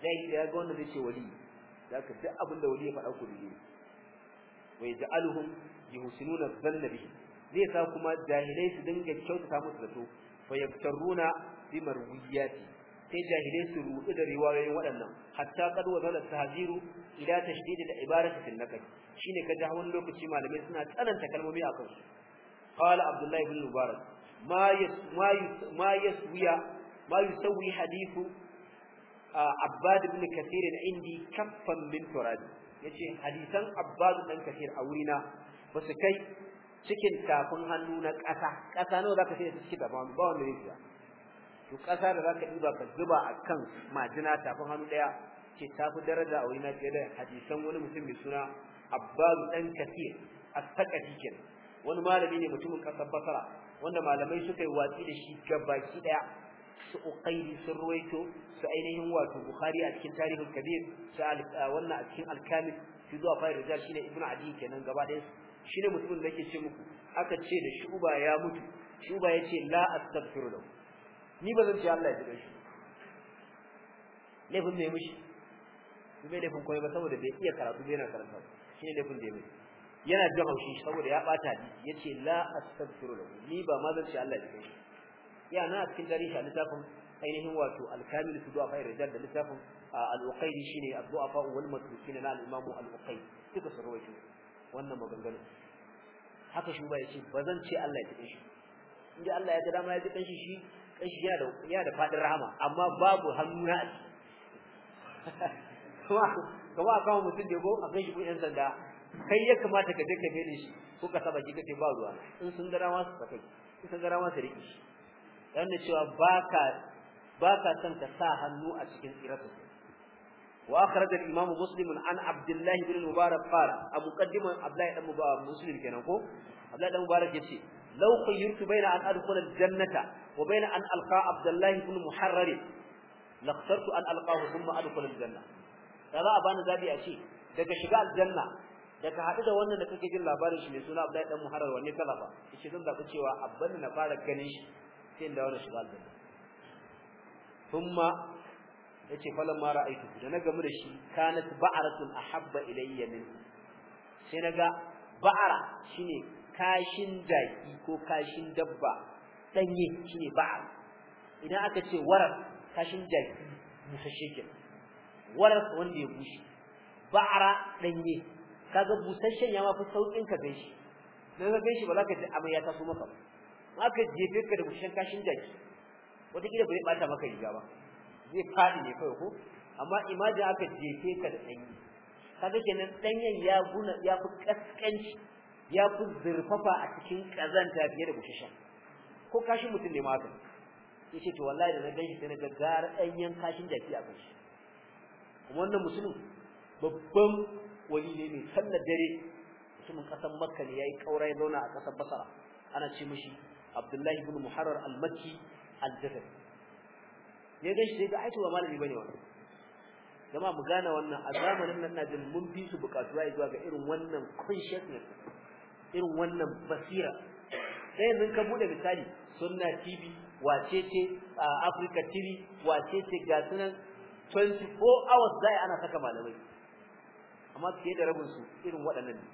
Speaker 1: jahili da ga wanda zai ce wali zaka duk abin da wali ya faɗa ku ne wa yaj'aluhum yuhsinuna dhanna bihi zai sa kuma jahilai su dinga kyautata musu zato fa yaftaruna bi marwiyati sai jahilai su rudu da riwayoyin waɗannan hatta qad wa zala tahziru ila tashdid da ibarati fil nakal shine kaja wani lokaci malamai suna tsananta kalmomi akan su qala abdullahi ibn mubarak ما يس ما يس ما يسوي ما يسوي حديث عباد بن كثير عندي كفا من تراب yace hadisan عباد dan كثير a wurina ba kai cikin kafin hannu na ƙasa ƙasa nawa zaka sai cikin da ba ne yake to ƙasa da zaka duba ka zuba kan majina tafin hannu daya ce tafi daraja a wurina fiye da hadisan wani mutum mai suna Abbas dan kafir a sakati cikin wani malami ne mutumin ƙasar Basra wanda malamai suka yi watsi da shi gabaki daya su uqaili sun ruwaito su ainihin wato bukhari a cikin tarihul kabir sa wannan a cikin al-kamil fi zuwa fa rijal shine ibn adi kenan gaba daya shine mutumin da yake ce muku aka ce da shuba ya mutu shuba yace la astaghfiru lahu ni ba zan ce Allah ya tsare shi laifin mushi, mishi ne laifin koyi ba saboda bai iya karatu bai na shi shine laifin da ya mishi yana jin haushi saboda ya bata ni yace la astaghfiru lahu ni ba ma zan ce Allah ya kai ya na cikin dare shi littafin ainihin wato al-kamil fi du'a fa'ir da littafin al-uqaydi shine addu'a fa wal matrukin na al-imamu al-uqaydi duka su rawaito wannan maganganu haka shi ba yace ba zan ce Allah ya kai shi inda Allah ya ga dama ya kai shi shi kai shi da yana da fadin rahama amma babu hannu na kuma kuma kawo mutum da go a kai shi ko yan sanda kai ya kamata ka je ka fere shi ko ka saba kika ce ba ruwa in sun gara ma su saka in sun gara ma su riki dan da cewa baka baka san ka sa hannu a cikin tsiratu wa akhraj al imam muslim an abdullah ibn mubarak qala abu qaddima abdullah ibn mubarak muslim kenan ko abdullah ibn mubarak yace law khayyirtu baina an adkhula al jannata wa baina an alqa abdullah ibn muharrar laqtartu an alqahu thumma adkhula al janna kaza abana zabi a ce daga shiga aljanna Daga hadu haɗu da wannan da kake jin labarin shi mai suna Abdullahi dan Muharrar wanne kala ba zan zabi cewa abban na fara ganin shi sai da wannan shiga aljanna kuma yace falamma ra'aytu da na gamu da shi kanat ba'aratun ahabba ilayya min sai naga ba'ara shine kashin jaki ko kashin dabba danye shine ba'ar idan aka ce warar kashin jaki musashe kenan warar wanda ya bushe ba'ara danye kaga busasshen ya mafi saukin ka gaishe dan ka gaishe ba za ka ji abin ya taso maka ba aka jefe ka da busasshen kashin jaki wata kila bai bata maka riga ba zai fadi ne kai ko amma imaji aka jefe ka da danyi kaga kenan danyen ya guna ya fi kaskanci ya fi zurfafa a cikin kazanta fiye da busasshen ko kashin mutum ne ma haka yace to wallahi da na ganshi sai na ga gar danyen kashin jaki a kai wannan musulmi babban wani ne mai sallar dare mutumin kasar makka ne yayi kaura ya zauna a ƙasar basara ana ce mashi abdullahi ibn muharrar al-makki al ya gan shi ga aiki ba malami bane wannan jama'a mu gane wannan a zamanin nan najin mun fi su bukatuwa zuwa ga irin wannan consciousness irin wannan basira sai yanzu ka bude misali sunna tv wace ce africa tv wace ce ga sunan 24 hours zai ana saka malamai amma fiye da rabin su irin waɗannan ne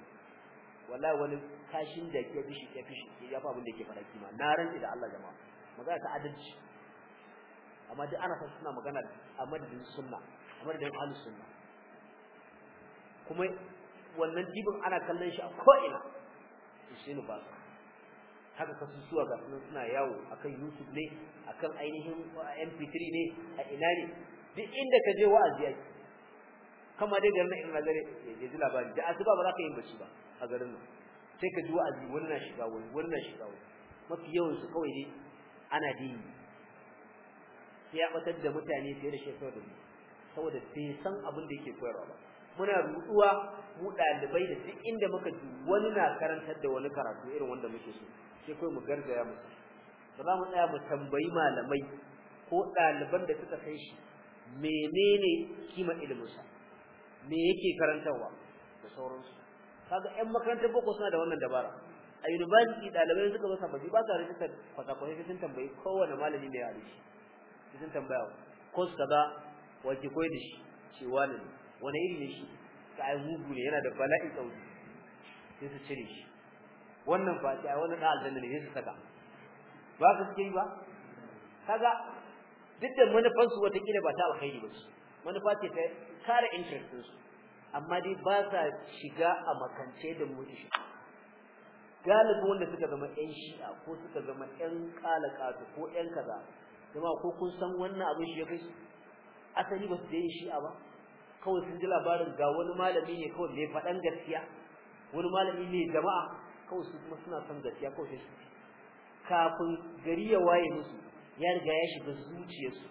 Speaker 1: wallahi wani kashin da ke fishi ke fishi ya fa abin da ke fara kima na rantsi da Allah jama'a magana ta adalci amma duk ana son suna magana a madadin sunna a madadin ahlus sunna kuma wannan dibin ana kallon shi a ko'ina to sai ni ba su haka kasusuwa ga sunan suna yawo akan YouTube ne akan ainihin MP3 ne a ina ne duk inda ka je wa'azi yake kama dai garin in nazare ya ji labari da asuba ba za ka yi bacci ba a garin nan sai ka ji wa'azi wannan shiga wani wannan shiga wani mafi yawan su kawai dai ana dini sai ya batar da mutane fiye da shekaru da ni saboda bai san abin da yake koyarwa ba muna ruduwa mu ɗalibai da duk inda muka ji wani na karantar da wani karatu irin wanda muke so sai kawai mu gargaya mu ba za mu tsaya mu tambayi malamai ko ɗaliban da suka kai shi menene kima iliminsa me yake karantarwa da sauransu kaga ƴan makarantar boko suna da wannan dabara a university dalibai suka zo sabbi ba sa rijistar kwatakwai sun tambayi kowane malami da ya rishi sun tambaya ko su kaza wace koyi da shi ce wani wani iri ne shi ka ai mugu ne yana da bala'i tsauri sai su cire shi wannan ba ta wani da aljanna ne sai su saka ba su suke ba kaga duk da manufar su ba ta alkhairi ba ce manufa ce ta kare interest su amma dai ba sa shiga a makance da mutu shi galibi wanda suka zama ƴan shi'a ko suka zama ƴan kalakatu ko ƴan kaza kuma ko kun san wannan abin shi ya kai asali ba su da yin shi'a ba kawai sun ji labarin ga wani malami ne kawai mai faɗan gaskiya wani malami ne jama'a kawai su kuma suna son gaskiya kawai sai su kafin gari ya waye musu ya riga ya shiga zuciyarsu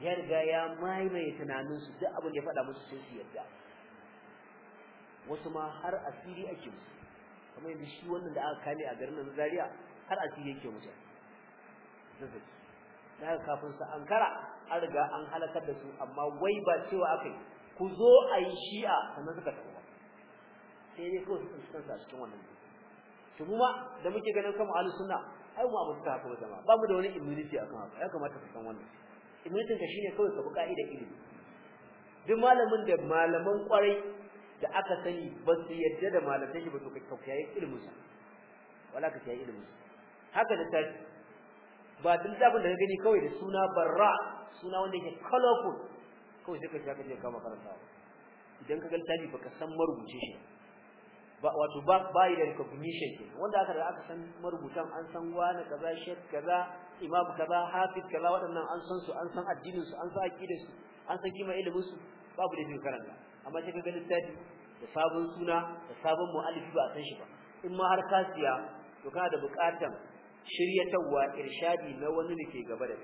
Speaker 1: ya riga ya maimaye tunaninsu duk abin da ya faɗa musu sai su yarda wasu ma har asiri ake musu kamar yadda shi wannan da aka kame a garin nan Zaria har asiri yake musu da haka kafin su ankara an riga an halakar da su amma wai ba cewa aka yi ku zo a yi shi'a sannan suka tafi sai dai kawai su san kansu a cikin wannan to mu ma da muke ganin kama ahlus sunna ai mu abu ta haka ba jama'a ba mu da wani immunity akan haka ya kamata ku san wannan imanitin ka shine kawai ka bi ka'idar ilimi duk malamin da malaman kwarai da aka sani ba su yarda da malaman shi ba to ka kiyaye ilimin sa wala ka kiyaye ilimin sa haka da tashi ba duk zabin da ka gani kawai da suna barra suna wanda yake colorful kawai sai ka shiga ka je ka makaranta idan ka ga littafi baka san marubuce shi ba wato ba bai da recognition ke wanda aka da aka san marubutan an san wani kaza shek kaza imamu kaza hafiz kaza waɗannan an san su an san addinin su an san aqidar su an san kima ilimin su babu da karanta amma sai ga littafi da sabon suna da sabon mu'alifi ba san shi ba in ma har ka siya to kana da bukatan shiryatawa irshadi na wani ne ke gaba da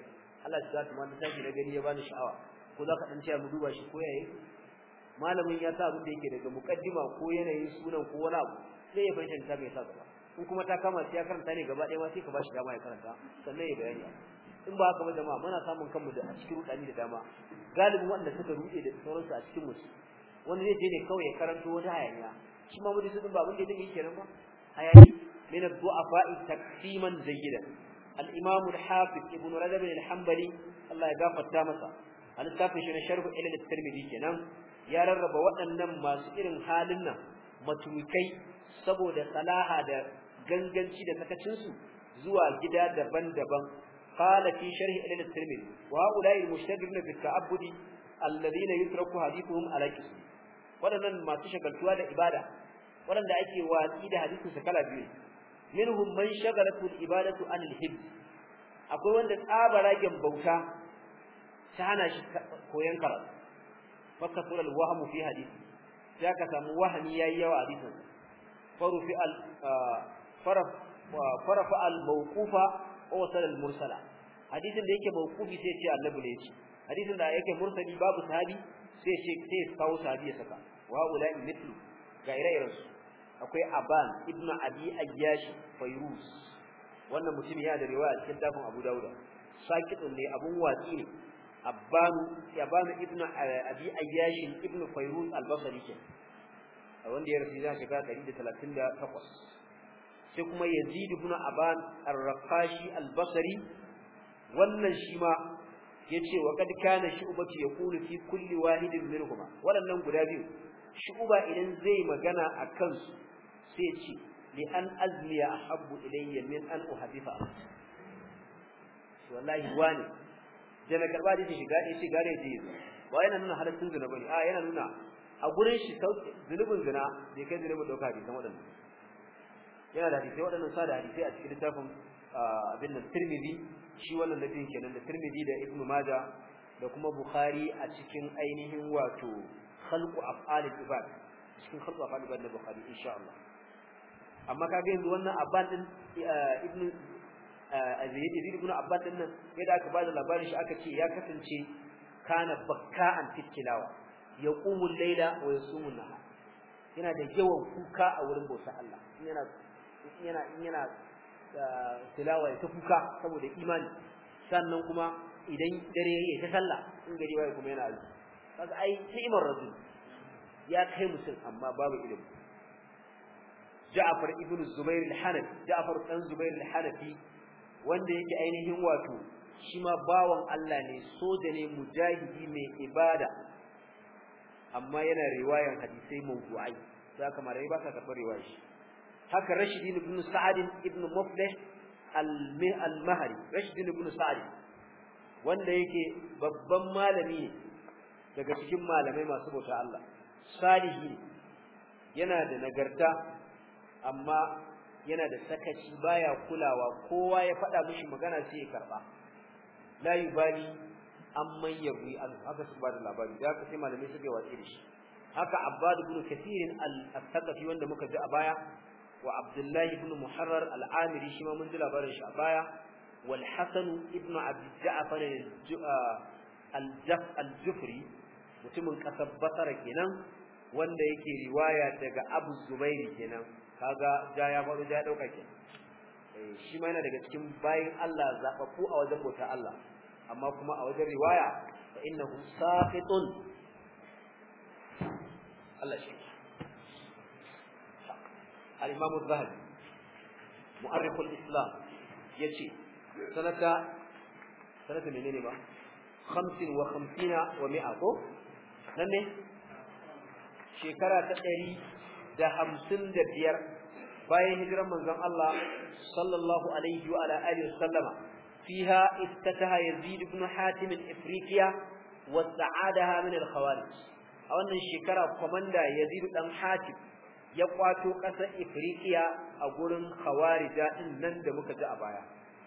Speaker 1: Allah ya zata wani tashi da gani ya bani sha'awa ko za ka dan ce mu duba shi ko yayi malamin ya sa abin da yake daga muqaddima ko yanayin sunan ko wani abu sai ya fahimta mai sa gaba in kuma ta kama shi ya karanta ne gaba ɗaya ma sai ka bashi dama ya karanta sannan ya bayani in ba haka ba jama'a muna samun kanmu da a cikin rudani da dama galibin wanda suka rude da sauransu a cikin musu wani zai je ne kawai ya karanto wata hayaniya shi ma mutum sun ba abin da yake kenan ba hayani min ad-du'afa'i takfiman jayyidan al-imam al-hafiz ibn rajab al-hanbali Allah ya gafarta masa al-tafi shi ne sharh ilal at-tirmidhi kenan ya rarraba waɗannan masu irin halin nan matukai saboda salaha da ganganci da sakacinsu zuwa gida daban-daban qala fi sharh ilal tirmidhi wa ulai al-mushtaghilun bi ta'abbudi alladhina yutraku hadithuhum ala kisbi wadannan masu shagaltuwa da ibada wadanda ake watsi da hadisin kala biyu minhum man shagalatu al-ibadatu an al-hibb akwai wanda tsabaragen bauta ta hana shi koyon karatu fakka sura al fi hadisi ya ka samu wahmi yayi yawa hadisin farufi al ah, farafa al-mawqufa aw al-mursala hadisin da yake mawqufi sai ce annabi ne shi, hadisin da yake mursali babu sahabi sai ce sai sau sahabi ya saka wa ulai mithlu ga ire su akwai aban ibn abi ayyash fayrus wannan mutum ya da riwaya cikin dafin abu dauda sakitun ne abun watsi ne abban aban ibn eh, abi ayyash ibn fayrus al-basri ke wanda ya rasu ya shiga 138 sai kuma Yazid ibn Aban ar raqashi al-Basri wannan shi ma yace wa kad kana shu'batu yaqulu fi kulli wahidin minhuma waɗannan guda biyu shu'ba idan zai magana akan su sai ya ce li an ya habbu ilayya min an uhadifa wallahi wani da na karba da shiga da shi gare yi ba yana nuna halattun zina bane a yana nuna a gurin shi zunubin zina bai kai zunubin dauka bi san wadannan yana da hadisi waɗannan sa da hadisi a cikin littafin abin nan Tirmidhi shi wannan lafin kenan da Tirmidhi da Ibn Majah da kuma Bukhari a cikin ainihin wato khalqu af'al ibad cikin khalqu af'al ibad da Bukhari insha Allah amma kaga yanzu wannan abban din Ibn Yazid ibn Abbad din nan yadda aka bada labarin shi aka ce ya kasance kana bakka'an fitilawa yaqumu al-laila wa yasumu nahar yana da yawan kuka a wurin bosa Allah yana yana in yana tilawa ya ta kuka saboda imani sannan kuma idan dare ya ta sallah in gari waye kuma yana azumi kaga ai ni'mar rajul ya kai mutum amma babu ilimi Ja'far ibn Zubair al-Hanafi Ja'far dan Zubair al-Hanafi wanda yake ainihin wato shi ma bawan Allah ne soja ne mujahidi mai ibada amma yana riwayan hadisai mawdu'ai saka marai ba ka karɓar riwayar shi haka Rashid ibn Sa'ad ibn Muflih al-Mahri Rashid ibn Sa'ad wanda yake babban malami daga cikin malamai masu bauta Allah salihi yana da nagarta amma yana da sakaci baya kulawa kowa ya faɗa mishi magana sai ya karba la yubali ya bi an haka su bada labari da haka sai malamai suke da shi haka abbad ibn kathir al-thaqafi wanda muka ji a baya wa abdullahi ibn muharrar al'amiri amiri shi ma mun ji labarin shi a baya wal hasan ibn abi ja'far uh, al-jufri mutumin ƙasar basara kenan wanda yake riwaya daga abu zubairi kenan kaga ja ya faru ja ya dauka kenan eh, shi ma yana daga cikin bayin Allah zababbu a wajen bautar Allah amma kuma a wajen riwaya fa innahu saqitun Allah shi al-imam az-zahabi mu'arrikh al-islam yace sanata sanata menene ba 55 wa 50 wa 100 ko nan ne shekara ta 155 bayan hijiran manzon Allah sallallahu alaihi wa ala fiha iftataha yazid ibn hatim al-ifriqiya wa sa'adaha min al-khawarij a wannan shekara kwamanda Yazidu ɗan hatim ya kwato ƙasar Ifriqiya a gurin Khawarija din nan da muka ji a baya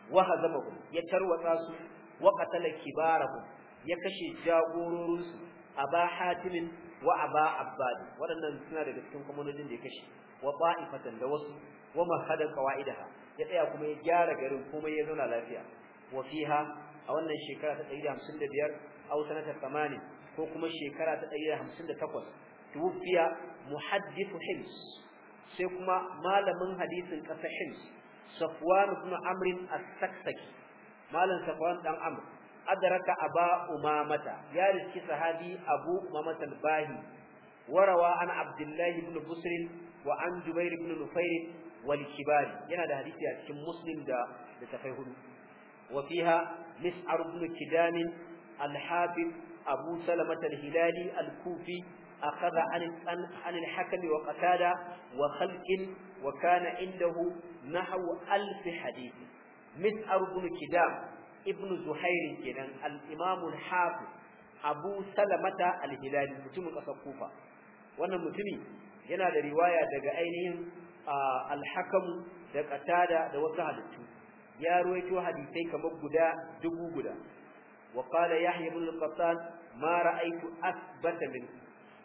Speaker 1: wa hazamahum ya tarwatsa su wa qatala kibarahum ya kashe jagororin su aba hatimin wa aba abbad waɗannan suna daga cikin kwamanodin da ya kashe wa ba'ifatan da wasu wa hada qawaidaha ya tsaya kuma ya gyara garin kuma ya zauna lafiya wa fiha a wannan shekara ta 155 au sanata 8 ko kuma shekara ta 158 tuwfiya muhaddithu hims sai kuma malamin hadisin ƙasar hims safwan ibn amr as-saksaki malam safwan dan amr adraka aba umamata ya riski sahabi abu umamata al-bahi warawa an abdullahi ibn busr wa an jubair ibn nufair wal kibari yana da hadisi a cikin muslim da da tafai hudu wa fiha mis'ar ibn kidam al abu salamah al-hilali al-kufi أخذ عن عن الحكم وقتادة وخلق وكان عنده نحو ألف حديث مسعر بن كدام ابن زهير كنان الإمام الحافظ أبو سلمة الهلالي متم قصر كوفة wannan mutumin yana da riwaya daga ainihin alhakamu da ƙatada da wasu halittu ya ruwaito hadisai kamar guda dubu guda wa yahya ibn al-qattan ma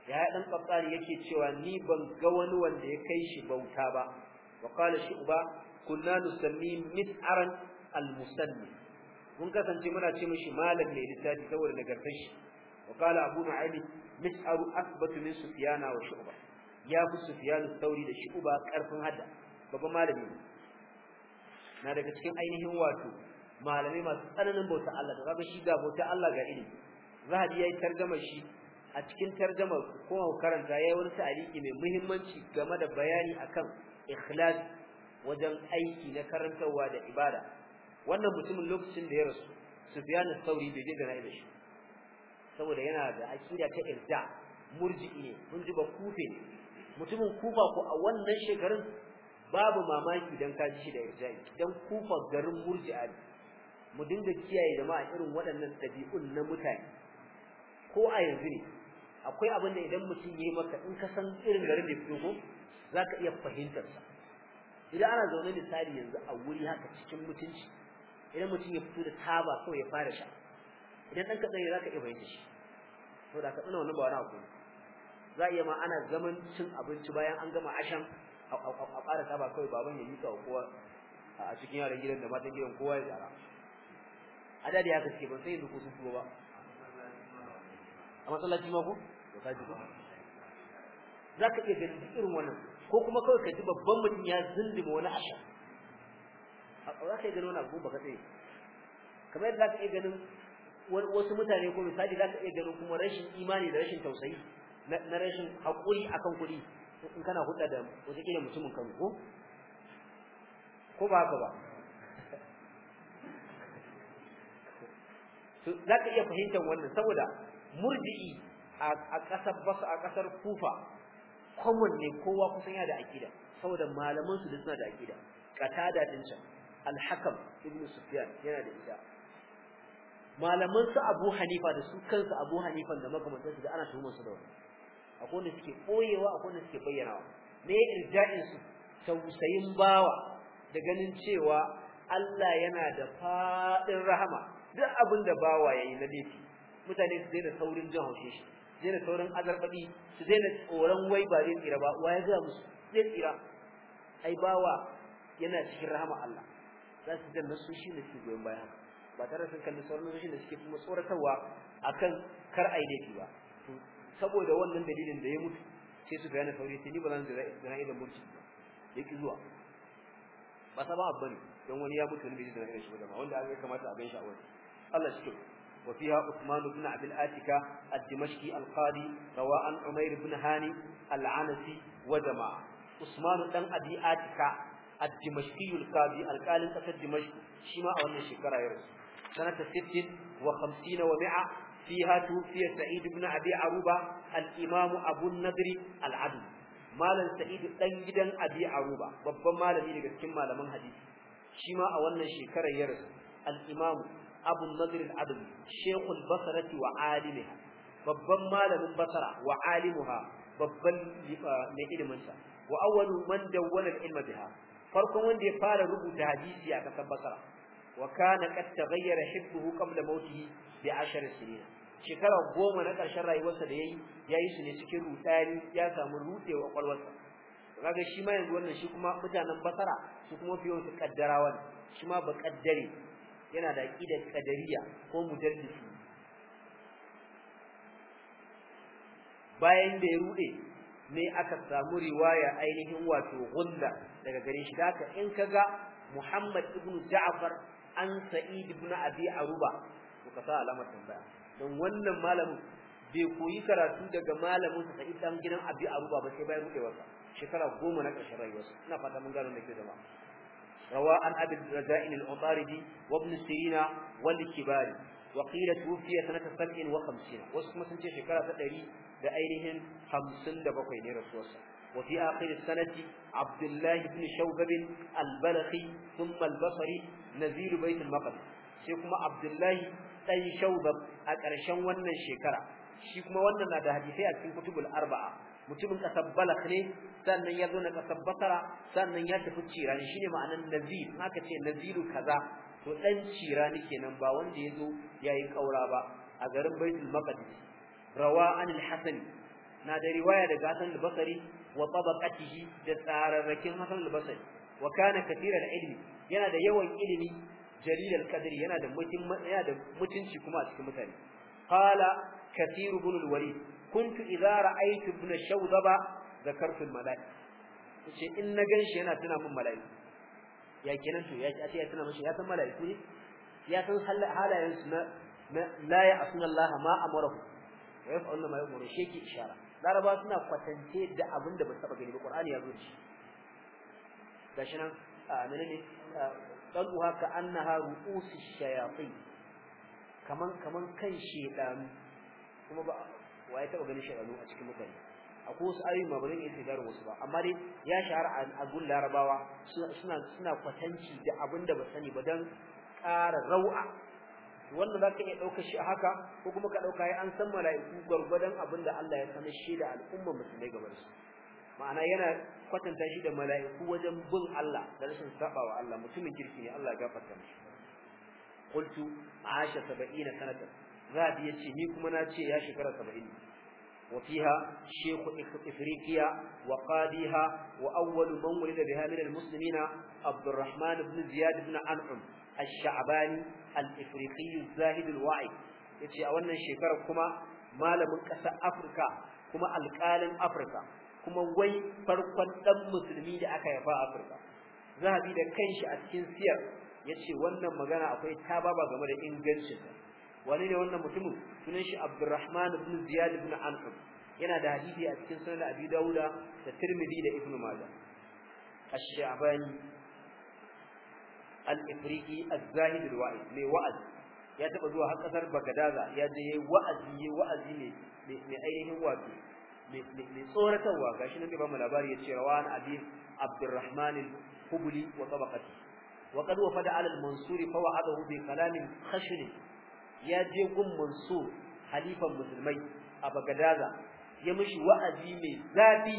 Speaker 1: ya dan qattari yake cewa ni ban ga wani wanda ya kai shi bauta ba wa qala shu'ba kunna nusammi mit'aran al-musalli mun kasance muna ce mishi malam ne littafi saboda nagartar shi wa qala abu nu'aymi mit'aru asbatu min sufyana wa shu'ba ya fi sufyanu sauri da shu'ba karfin hada babban malami na daga cikin ainihin wato malamai masu tsananin bauta Allah da kaga shi ga bauta Allah ga ilimi zahabi yayi targama shi a cikin tarjamar ko ku karanta yayin wani sa'aliki mai muhimmanci game da bayani akan ikhlas wajen aiki na karantarwa da ibada wannan mutumin lokacin da ya rasu Sufyan al-Thawri bai je da shi saboda yana da akida ta irda murji'i ne mun ji ba kufe mutumin kufa ko a wannan shekarun babu mamaki dan ka ji shi da irja'i dan kufa garin murji'a ne mu dinga kiyaye jama'a irin waɗannan dabi'un na mutane ko a yanzu ne akwai abin da idan mutum yayi maka in ka san irin garin da fito ko zaka iya fahimtar sa idan ana zaune misali yanzu a wuri haka cikin mutunci idan mutum ya fito da taba kawai ya fara sha idan dan ka tsaye zaka iya fahimta shi to da ka tsina wannan ba wani abu za iya ma ana zaman cin abinci bayan an gama ashan a fara taba kawai baban ya mika wa kowa a cikin yaran gidan da matan gidan kowa ya tsara a da da ya kaske ban sai yanzu ko sun tuba ba a masallaci ma ko to kaji ko zaka iya ganin irin wannan ko kuma kawai ka ji babban mutum ya zindima wani asha za ka iya ganin wani abu baka tsaye kamar yadda za ka iya ganin wasu mutane ko misali za ka iya ganin kuma rashin imani da rashin tausayi na rashin haƙuri akan kuɗi in kana hudda da wataƙila mutumin kanu ko ko ba haka ba za ka iya fahimtar wannan saboda murji'i a ƙasar basu a kasar kufa common ne kowa kusan yana da akida saboda malaman su suna da akida qatada din can al-hakam ibn sufyan yana da ita malaman su abu hanifa da su kansu abu Hanifa da makamantan su da ana tuhumar su da wani akwai wanda suke koyewa akwai wanda suke bayyanawa me irja'in su tausayin bawa da ganin cewa Allah yana da fadin rahama duk abin da bawa yayi na laifi mutane su daina saurin jin haushe shi daina saurin azarbaɗi su daina tsoron wai ba zai tsira ba wa ya gaya musu zai tsira ai bawa yana cikin rahama Allah za su danna su shi ne su goyon baya ba tare sun kalli sauran rashin da suke kuma tsoratarwa akan kar ai laifi ba saboda wannan dalilin da ya mutu sai su gane sauri sai ni ba zan zira idan mulki ba yake zuwa ba sabab ne don wani ya mutu ne bai zira idan shi ba wanda ya kamata a a wani Allah shi وفيها عثمان بن عبد الآتكة الدمشقي القاضي رواء عمير بن هاني العنسي وجماعة عثمان بن أبي آتكة الدمشقي القاضي القالي قصر دمشق شما أولا شكرا يرس سنة ست وخمسين ومئة فيها توفي سعيد بن أبي عروبة الإمام أبو النضر العدل مالا سعيد بن جدا أبي عروبة بابا مالا لي لكتما لمن حديث شما أولا شكرا يرس الإمام abu nadr al-adl shaykhul basrati wa alimiha babban malamin basara wa alimuha babban uh, mai ilimin sa wa awwalu man dawwala al-ilma biha farkon wanda ya fara rubuta hadisi a kasar basara wa kana qad taghayyara hibbuhu qabla mawtihi bi 10 sinin shekara goma na ƙarshen rayuwarsa da yayi yayi su ne cikin rudani ya samu rudewa kwalwarsa kaga shi ma yanzu wannan shi kuma mutanen basara shi kuma biyo su kaddarawan shi ma ba kaddare yana da aqidar qadariyya ko mujaddidi bayan da ya rude ne aka samu riwaya ainihin wato gulla daga gare shi haka in kaga Muhammad ibn Ja'far an Sa'id ibn Abi Aruba to ka sa alamar tambaya don wannan malamin bai koyi karatu daga malamin sa Sa'id dan gidan Abi Aruba ba sai bayan rudewarsa shekara goma na ƙarshen rayuwarsa ina fata mun gano da ke jama'a روى عن أبي الرجاء العطاردي وابن سيرين والكباري وقيل توفي سنة سبع وخمسين وسمى سنة شكرة تدري بأينهم خمسين دبقين رسول الله وفي آخر السنة عبد الله بن شوبب البلخي ثم البصري نزيل بيت المقدس شيخما عبد الله أي شوبب أكرشن ونن شكرة شيخما ونن هذا حديثي أكين كتب الأربعة mutumin kasar balak ne sannan ya zo na kasar basara sannan ya tafi cirani shine ma'anar nazir in aka ce naziru kaza to dan cirani kenan ba wanda ya zo ya yi kaura ba a garin baitul maqdis rawa an al-hasan na da riwaya daga hasan al-basri wa tabaqatihi da tsararrakin hasan al-basri wa kana kathira ilmi yana da yawan ilimi jalil al-qadri yana da mutum yana da mutunci kuma a cikin mutane qala كثير بن الوليد كنت إذا رأيت ابن الشوذب ذكرت الملائكة yace in na ganshi yana tuna min mala'iku ya kenan to ya ce ya tuna mashi ya san mala'iku ne ya san halayen su na la ya asuna Allah ma amarahu wa yaf'aluna ma yu'maru shi ke ishara laraba suna kwatance da abin da ba taba gani ba qur'ani ya zo shi gashi kaman kaman kan kuma ba wa ya taba ganin shekaru a cikin mutane akwai wasu ayoyi ma ba zan iya tigarin wasu ba amma dai ya shahara a gun larabawa suna suna kwatanci da abin da ba sani ba don ƙara rau'a wannan za iya ɗaukar shi haka ko kuma ka ɗauka ya an san mala'iku gwargwadon abin da Allah ya sanar shi da al'umma musulmai gaban su ma'ana yana kwatanta shi da mala'iku wajen bin Allah da rashin sabawa Allah mutumin kirki ne Allah ya gafarta mishi qultu 10 70 sanatan zabi ya ce ni kuma na ce ya shekara saba'in وفيها شيخ إفريقيا وقاضيها wa Awwalu ولد بها من المسلمين عبد الرحمن بن زياد بن أنعم الشعباني الإفريقي الزاهد الواعي yace a wannan shekarar kuma malamin ƙasar Afirka kuma alƙalin Afirka kuma wai farkon dan musulmi da aka yafa Afirka zahabi da kanshi a cikin siyar yace wannan magana akwai tababa game da ingancinsa. wani ne wannan mutumin sunan shi Abdurrahman ibn Ziyad ibn Anqam yana da hadisi a cikin sunan Abi Dawuda da Tirmidhi da Ibn Majah Ash-Sha'bani al-Ifriqi az-Zahid al-Wa'id mai wa'azi ya taba zuwa har kasar Bagadaza ya je yayi wa'azi yayi wa'azi ne mai ainihin wato mai tsoratarwa gashi nan bai ba mu labari ya ce rawan Abi Abdurrahman al-Hubli wa tabaqati وقد وفد على المنصور فوعده بكلام خشن ya je gun Mansur halifan musulmai a Bagadaza ya mishi wa'azi mai zafi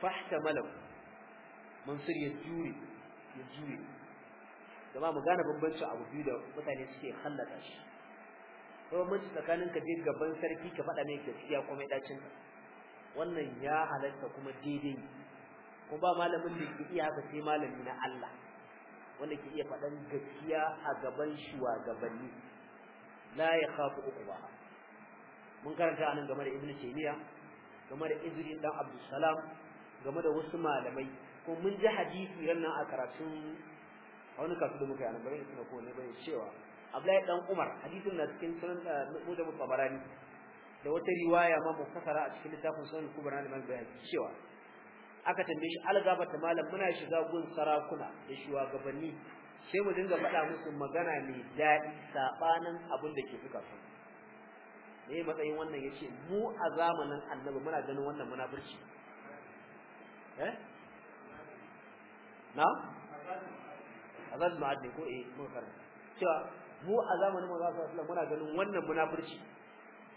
Speaker 1: fahtamalahu Mansur ya jure ya jure kuma mu gane bambancin abu biyu da mutane suke hallaka shi mun ci tsakanin ka je gaban sarki ka faɗa mai gaskiya kuma ya dacin wannan ya halatta kuma daidai Ko ba malamin da ke iya haka sai malami na Allah wanda ke iya faɗan gaskiya a gaban shugabanni la yakhafu uqbaha mun karanta anan game da ibnu taymiya game da izri dan abdussalam game da wasu malamai ko mun ji hadisi rannan a karatun a wani kasu da muka yi anan bare suna ko ne bane cewa Abdullahi dan Umar hadisin na cikin sunan eh, Mujamu Tabarani da wata riwaya ma mufasara a cikin littafin sunan Kubra na Imam Bayhaqi cewa aka tambaye shi algaba ta malam muna shiga gun sarakuna da shugabanni sai mu dinga faɗa musu magana mai daɗi sabanin abin da ke suka so ne matsayin wannan yace mu a zamanin annabi muna ganin wannan munafurci eh na azal ma'adin ko eh mun karanta cewa mu a zamanin manzo sallallahu alaihi wasallam muna ganin wannan munafurci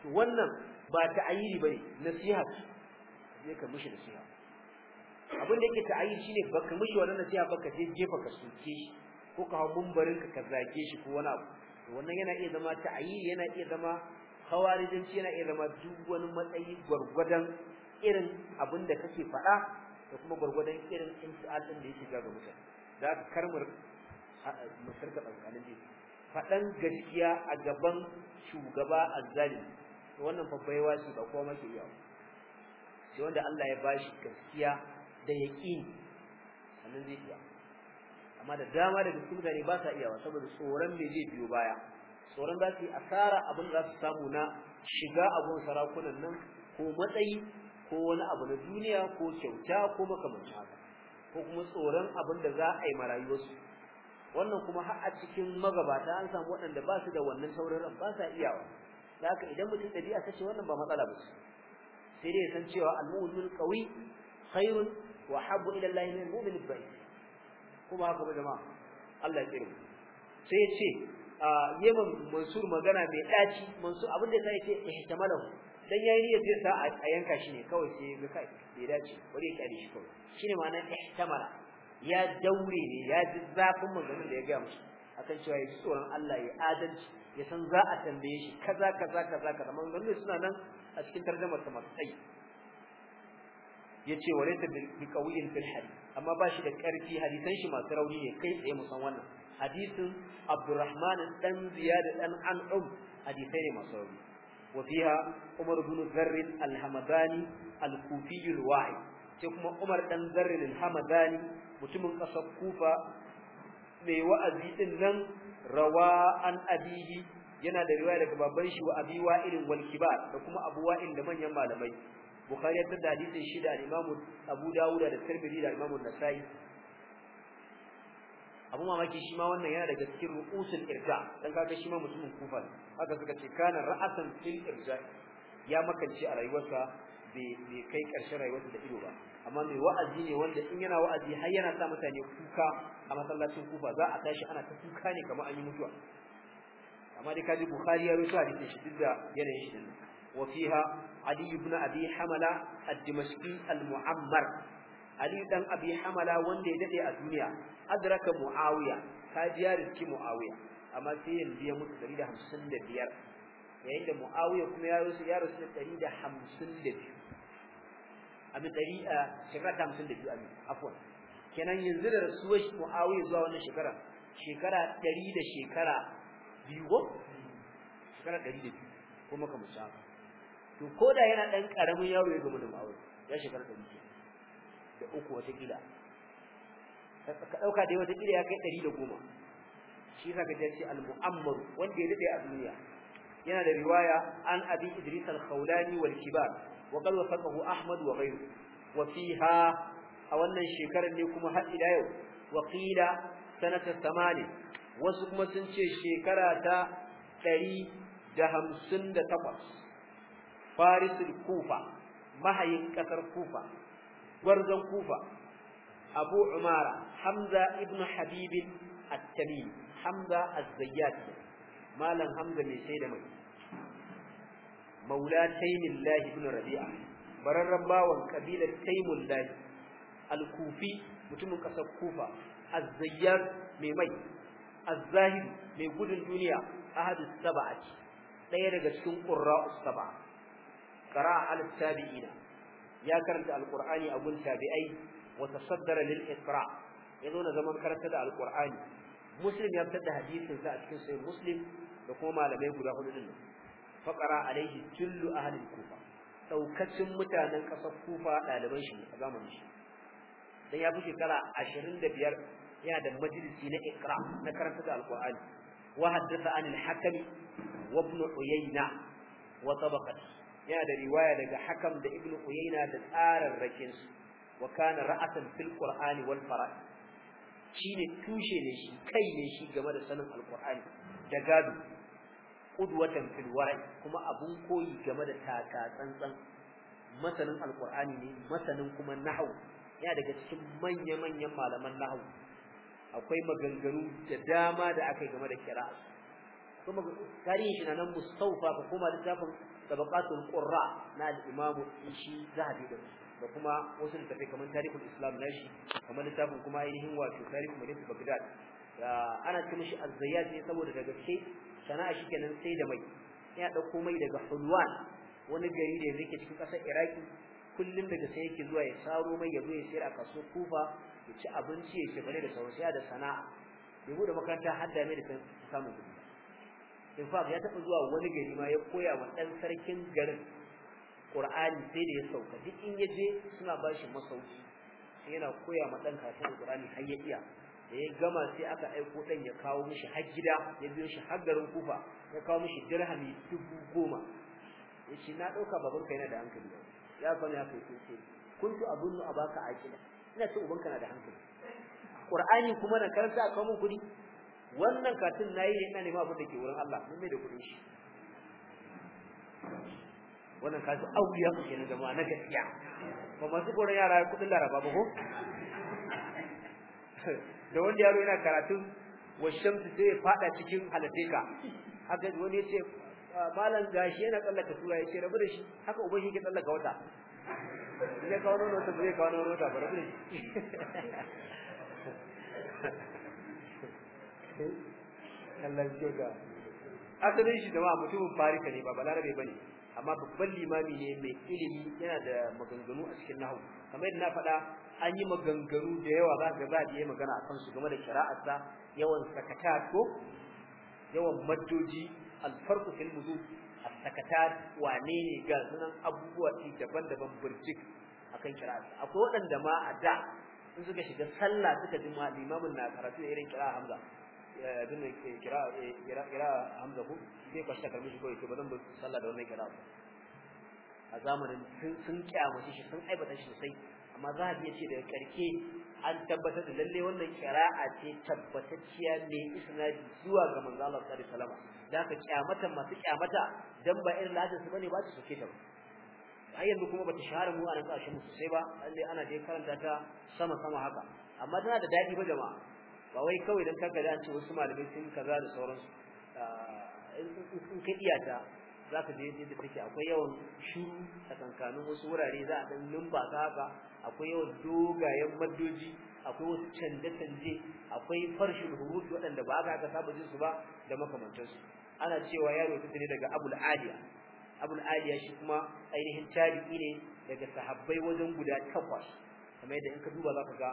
Speaker 1: to wannan ba ta'ayiri bane nasiha ce ka mushi nasiha abin da yake ta'ayiri shine baka mushi wannan nasiha ka je jefa ka soke shi ko ka hau mumbarin ka zage shi ko wani abu wannan yana iya zama ta'ayi yana iya zama khawarijanci yana iya zama duk wani matsayi gwargwadon irin abin da kake faɗa da kuma gwargwadon irin intial din da ya ga mutane da karmar musarka bankalin ji faɗan gaskiya a gaban shugaba azzali wannan babbai baiwa ba kowa ke iya sai wanda Allah ya bashi gaskiya da yaqini sannan zai iya amma da dama daga cikin mutane ba sa iyawa saboda tsoron me zai biyo baya tsoron za su yi asara abin da za su samu na shiga abun sarakunan nan ko matsayi ko wani abu na duniya ko kyauta ko makamancin haka ko kuma tsoron abin da za a yi marayuwarsu wannan kuma har a cikin magabata an samu waɗanda ba su da wannan saurin ba sa iyawa da haka idan mutum ɗabi'a ta ce wannan ba matsala ba su, sai dai san cewa al-mu'minul qawi khairun wa habbu ila Allah min al-mu'min al kuma haka ba jama'a Allah ya tsare sai ya ce yema mansur magana mai daci mansur abin da sai ya ce dan yayi niyyar sai sa a yanka shi ne kawai sai ga kai bai dace bari ya kare shi kawai shine ma'anar ihtimala ya daure ne ya ji zafin maganar da ya ga mu akan cewa ya tsoron Allah ya adalci ya san za a tambaye shi kaza kaza kaza kaza maganganun suna nan a cikin tarjumar ta masu yace wa laysa bi qawiyin fil hadith amma ba shi da karfi hadisan shi masu rauni ne kai tsaye musan wannan hadisin Abdurrahman dan Ziyad dan An'um hadisai ne masu rauni wa fiha Umar ibn Zarr al-Hamadani al-Kufi al kuma Umar dan Zarr al-Hamadani mutumin kasar Kufa mai wa'azi din nan rawa an abihi yana da riwaya daga baban shi wa abi wa'il wal kibar da kuma abu wa'il da manyan malamai bukhari ya da hadisin shi da imamu abu dawud da tirmidhi da imamu nasai abu mamaki shi ma wannan yana daga cikin ru'usul irja dan kaga shi ma mutumin kufa haka suka ce kana ra'asan fil irja ya makance a rayuwarsa bai kai ƙarshen rayuwarsa da ido ba amma mai wa'azi ne wanda in yana wa'azi har yana sa mutane kuka a masallacin kufa za a tashi ana ta kuka ne kamar an yi mutuwa amma dai kaji bukhari ya rusa hadisin shi duk da yanayin shi dinnan وفيها علي بن أبي حملة الدمشقي المعمر علي بن أبي حملة وندي لدي الدنيا أدرك معاوية كاجيار كي معاوية أما سيين بيا موت دريد همسن دبيار يعني دا معاوية كما يارس يارس دريد همسن دبيار أما دريد شكرا همسن دبيار أمين عفوا kenan ينزل da rasuwar زوا zuwa شكرا شكرا shekara 100 da shekara biyu ko كما 100 kuma kamar to koda yana dan karamin yaro ya gama da aure ya shekara da mutum da uku wata gida. ka dauka da wata gida ya kai 110 shi zaka ji al muammar wanda ya dade a duniya yana da riwaya an abi idris al-khawlani wal kibar wa qala wasaqahu ahmad wa ghayru wa fiha a wannan shekarar ne kuma har ila yau wa qila sanata 80 wasu kuma sun ce shekara ta 158 farisul kufa mahayin kasar kufa gwarzon kufa abu umara hamza ibn habib at-tamimi hamza az-zayyat malam hamza mai shaida mai maula taymillah ibn rabi'a bararran bawan kabilar taymullah al-kufi mutumin kasar kufa az-zayyat mai mai az-zahid mai gudun duniya ahadus sab'ati daya daga cikin qurra'us sab'a qara'a al tabi'ina ya karanta alqur'ani a gun tabi'ai wata tasaddara lil iqra yazo na zaman karanta da alqur'ani muslim ya fitar da hadisin sa a cikin sahih muslim da kuma malamai guda hudu din faqara alaihi kullu ahli kufa daukacin mutanen kasar kufa daliban shi a zamanin shi dan ya fi shekara 25 yana da majalisi na ikra na karanta da alqur'ani wa haddatha anil hakim wa ibn uyayna wa tabaqat yana da riwaya daga hakam da ibn uyayna da tsarin rakin su wa kana ra'atan fil qur'ani wal farad shine tushe ne shi kai ne shi game da sanin alqur'ani da gado qudwatan fil wara'i kuma abun koyi game da taka tsantsan masanin alqur'ani ne masanin kuma nahwu yana daga cikin manya-manyan malaman nahwu akwai maganganu da dama da aka game da kira'a kuma tarihin shi na nan mustaufa kuma koma littafin tabaqatul qurra na al-imamu shi zahabi da da kuma wasu tafi kamar tarihul islam na shi kuma littafin kuma ainihin wato tarihul madinatu bagdad ana cin mishi az-zayyad ne saboda daga gaske sana'a shi sai da mai ya dauko mai daga hulwan wani gari da yake cikin kasar iraki kullum daga sai yake zuwa ya saro mai ya zo ya sayar a kaso kufa ya ci abinci ya ce bare da sauransu ya da sana'a ya bude makaranta har da mai da samun kuɗi in fact ya tafi zuwa wani gari ma ya koya wa ɗan sarkin garin Qur'ani sai da ya sauka duk in yaje suna ba shi masauki sai yana koya ma ɗan kasuwar Qur'ani har ya iya da ya gama sai aka aiko dan ya kawo mishi har gida ya biyo shi har garin Kufa ya kawo mishi dirhami dubu goma na dauka na ɗauka babanka yana da hankali ya fa ya kai sai kuntu abunnu abaka aqila ina ce ubanka na da hankali Qur'ani kuma na karanta a kawo kudi wannan katin nayi ne ina neman abin da ke wurin Allah mun mai da kudin shi wannan kaji auliya ku kenan jama'a na gaskiya ba masu koran yara kudin laraba ba ko da wanda yaro yana karatun shamsu sai ya fada cikin halateka haka wani ya ce malam gashi yana tsallaka sura ya ce rabu da shi haka uban shi ke tsallaka wata ne kawo nono ta zai kawo nono ta ba rabu da shi kallon joga asalin shi jama'a mutumin farika ne ba balarabe bane amma babban limami ne mai ilimi yana da maganganu a cikin nahu kamar yadda na faɗa an yi maganganu da yawa za ka ba da magana a kansu game da sa yawan sakatat ko yawan maddoji alfarku, fil mudud as-sakatat wane ne ga sunan abubuwa daban-daban burjik akan sa? akwai waɗanda ma a da in suka shiga sallah suka ji limamin na karatu da irin kira'a hamza Eh, abin da eh, kira kira hamza ko sai ka shaka mishi ko ba zan bi sallah da wannan kira ba a zamanin sun kyamace shi sun aibata shi sosai amma za a iya ce daga karke an tabbatar da lalle wannan a ce tabbatacciya ne isnadi zuwa ga manzo Allah sallallahu alaihi wasallam da ka kyamata masu kyamata dan ba irin ladin su bane ba su soke ta ba har yanzu kuma bata shahara mu a nan kasashen mu sosai ba lalle ana dai karanta ta sama sama haka amma tana da dadi ba jama'a ba wai kawai dan kaga da an ce wasu malamai sun kaza da sauransu ah, in ka iya ta za ka je da take akwai yawan shuru tsakanin wasu wurare za a dan lumba ta haka akwai yawan dogayen maddoji akwai wasu canje-canje akwai farshin hurufi waɗanda ba aka aka saba jinsu ba da makamantansu ana cewa yaro ta ne daga abul aliya abul aliya shi kuma ainihin tabi'i ne daga sahabbai wajen guda takwas kamar yadda in ka duba za ka ga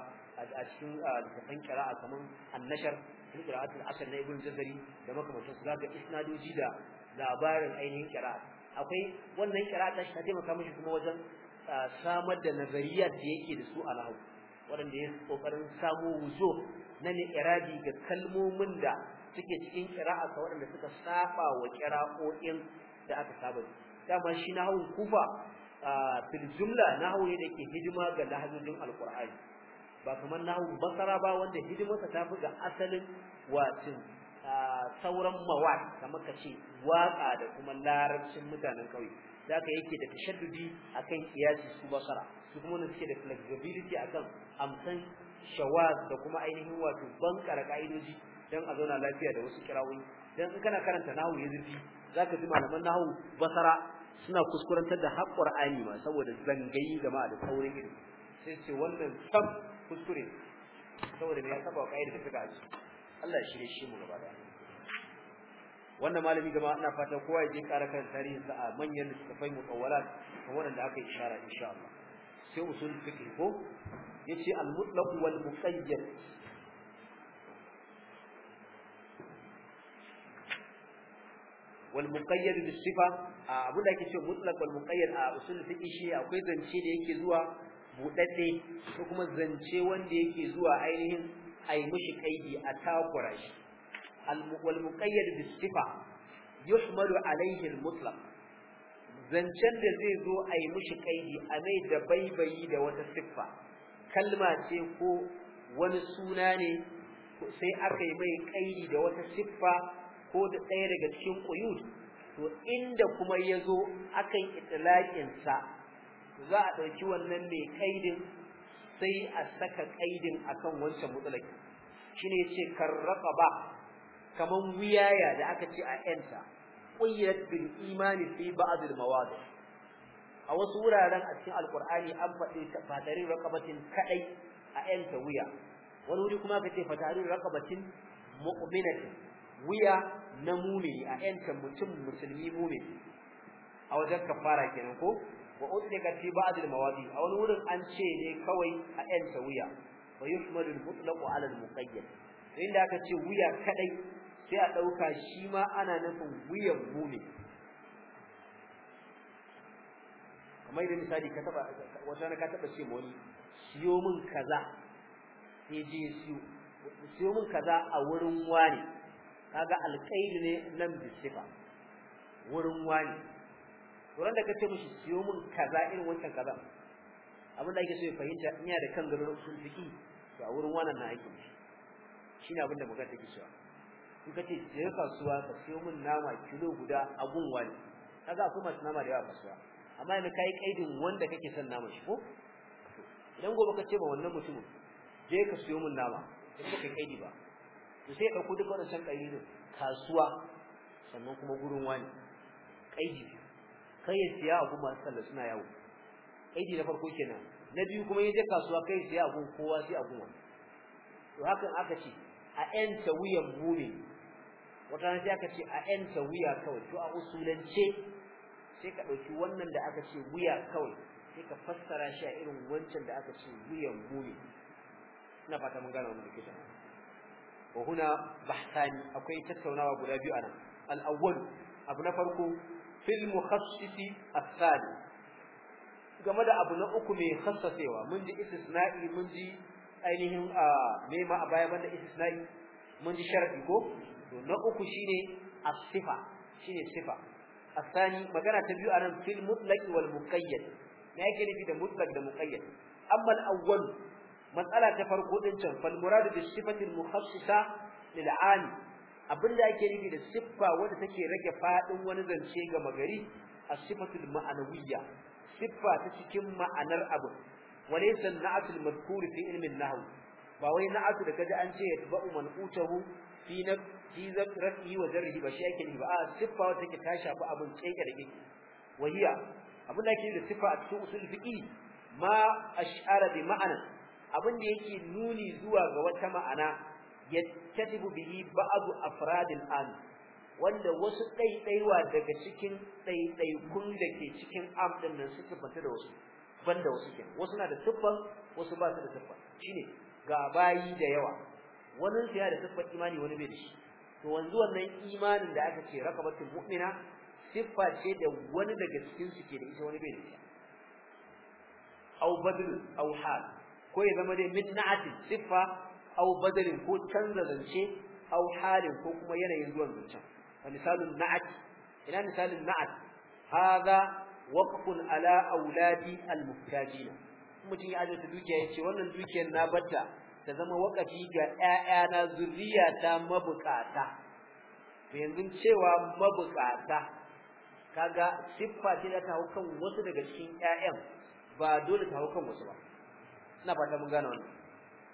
Speaker 1: a cikin littafin qira'a kaman annashar fil qira'atul na ibn jazari da makamantan su zaka isnadoji da labarin ainihin ƙira. akwai wannan qira'a ta taimaka mishi kuma wajen samar da nazariyar da yake da su a lahu waɗanda ya kokarin samo wuzo na iradi ga kalmomin da suke cikin kira'a ka waɗanda suka saba wa qira'o'in da aka saba dama shi nahwu kufa fil jumla nahwu ne da ke hidima ga lahazojin alkur'ani ba kamar nahu basara ba wanda hidimarsa ta fi ga asalin wacin sauran mawad kamar ka ce waka da kuma larabcin mutanen kauye da ka yake da tashaddudi akan kiyasi su basara su kuma wanda suke da flexibility akan amsan shawaz da kuma ainihin wato bankara ka'idoji dan a zauna lafiya da wasu kirawoyi Don in kana karanta nahu ya zurfi zaka ji malaman nahu basara suna kuskurantar da haƙƙur'ani ma saboda zangayi gama da saurin ilimi sai ce wannan sam kuskure saboda me ya saba wa kaida da suka aji Allah ya shirye shi mu gaba da wannan malami gama ina fatan kowa ya je ƙara kan tarihin sa a manyan littafai ko wannan da aka yi ishara insha Allah sai usul fiqh ko yace al-mutlaq wal muqayyad wal muqayyad bis sifa da ake ce mutlaq wal muqayyad a usul fiqh shi akwai zance da yake zuwa buɗaɗɗe ko kuma zance wanda yake zuwa ainihin a yi mushi kaidi a takura shi al muqayyad bis sifa yuhmalu alayhi al mutlaq zancen da zai zo a yi mushi kaidi a mai da baibayi da wata siffa kalma ce ko wani suna ne sai aka yi mai kaidi da wata siffa ko da ɗaya daga cikin ƙuyud to inda kuma ya zo akan itilaƙinsa za a ɗauki wannan mai kaidin sai a saka kaidin akan wancan mutsalaki shine yace karraka ba kaman wiyaya da aka ce a yanta quyat bil imani fi ba'd al mawadi a wasu wuraren a cikin alqur'ani an faɗi fatarin raqabatin kadai a yanta wiya wani wuri kuma ka ce fatarin raqabatin mu'minatin wiya na mumini a yanta mutum musulmi mumini a wajen kafara kenan ko wa utlika fi ba'd al-mawadi a wani wurin an ce ne kawai a ɗan tawiya wa yusmadu al-mutlaq ala al-muqayyad inda aka ce wuya kadai sai a dauka shi ma ana nufin wuyan gumi, kamar idan misali ka taba wata ka taba ce wani siyo min kaza sai je siyo siyo min kaza a wurin wani kaga alƙaidi ne nan bisifa wurin wani wurin da ka ce musu siyo mun kaza irin wancan kaza abin da ake so ya fahimta in da kan gano sun fiki to a wurin wannan na ake shi shine abin da magana take cewa in ka ce je kasuwa ka siyo mun nama kilo guda a gun wani kaza kuma masu nama da yawa kasuwa amma yanzu kai kaidin wanda kake son nama shi ko idan gobe ka ce ba wannan mutumin je ka siyo mun nama in ba kai kaidi ba to sai ka dauko duk wannan san kaidin kasuwa sannan kuma gurin wani kaidi kai ya siya abu masu sallah suna yawo aiki na farko kenan na biyu kuma ya je kasuwa kai ya siya abu kowa sai abu wani to hakan aka ce a ƴanta wuyan mumi wata ran sai aka ce a ƴanta wuya kawai to a usulance sai ka ɗauki wannan da aka ce wuya kawai sai ka fassara shi a irin wancan da aka ce wuyan mumi ina fata mun gane wannan kitan wa huna bahtani akwai tattaunawa guda biyu anan al-awwal abu na farko fil mukhassisi athani game da abu na uku mai khassasewa mun ji istisna'i mun ji ainihin a nema a baya banda istisna'i mun ji sharadi ko to na uku shine as-sifa shine sifa athani magana ta biyu anan fil mutlaq wal muqayyad me yake nufi da mutlaq da muqayyad amma al-awwal matsala ta farko din can fal muradu bis sifati al-mukhassisa lil 'ani abinda ake nufi da siffa wanda take rage fadin wani zance ga magari as-sifatul ma'anawiyya siffa ta cikin ma'anar abu walaysa na'atul madhkur fi ilmi nahw ba wai na'atu da kaji an ce yatba'u man utahu fi na fi zakrati wa jarhi ba shi ake ba a siffa wanda take ta shafi abin keke da keke wahiya abinda ake nufi da siffa a cikin usul fiqi ma ash'ara bi ma'ana abin da yake nuni zuwa ga wata ma'ana yattabu bihi ba'du al-an wanda wasu ɗaiɗaiwa daga cikin ɗaiɗaikun da ke cikin am din nan suke fata da wasu banda wasu ke wasu na da tubban wasu ba su da tubban shine ga bayi da yawa wani su ya da tubban imani wani bai da shi to wanzu wannan imanin da aka ce rakabatul mu'mina siffa ce da wani daga cikin su ke da ita wani bai da shi? aw badl aw hal ko ya zama dai min na'ati siffa aw badalin ko canza zance aw halin ko kuma yanayin zuwan zancen misalun na'at ina misalin na'at hadha waqfun ala auladi almuhtajina mutum ya ajiye dukiya yace wannan dukiyar na batta ta zama wakafi ga zuriya ta mabukata to yanzu cewa mabukata kaga siffa ce da ta hau kan wasu daga cikin ƴaƴan ba dole ta kan wasu ba ina fata mun gane wannan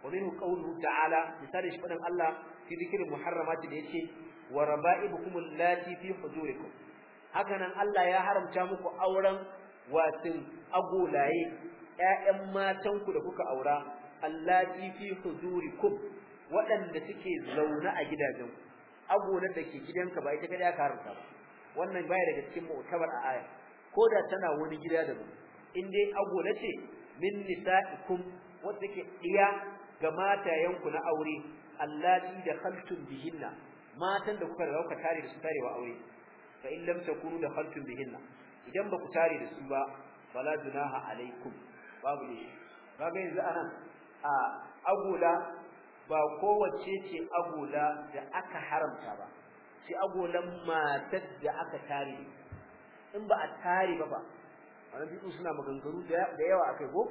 Speaker 1: wa minhu qawluhu ta'ala misali shi fadan Allah fi zikrin muharramati da yace wa raba'ibukum allati fi hujurikum haka nan Allah ya haramta muku auren watin agolaye ƴaƴan matanku da kuka aura allati fi hujurikum waɗanda suke zaune a gidajen agolar da ke gidanka ba ita kada ya haramta ba wannan baya daga cikin mu'tabar a aya ko da tana wani gida daban in dai agola ce min nisa'ikum wanda ke iya ga matayenku na aure allati da khaltum bihinna matan da kuka rauka tare da su tare wa aure fa in lam takunu da khaltum bihinna idan ba ku tare da su ba fala dunaha alaikum babu ne ga yanzu anan a agula ba kowace ce Agola da aka haramta ba shi agolan matar da aka tare in ba a tare ba ba wannan duk suna maganganu da yawa akai ko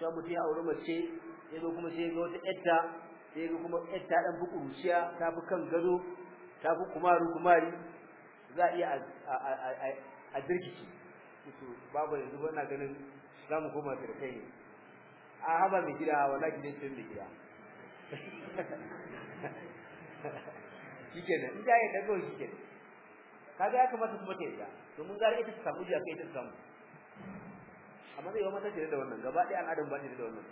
Speaker 1: sai mutum ya aure mace sai kuma sai ga wata yatta sai ga kuma yatta dan buku ruciya ta fi kan gado ta fi kumaru kumari za a iya a dirkici to babu yanzu ba na ganin za mu koma kai ne a haba mai gida wala gidan cin mai gida shikenan in da ya dago ka kaga ya kamata kuma ta to domin ga ita ta samu jiya kai ta samu amma zai yi mata da wannan gaba ɗaya al'adun ba ne da wannan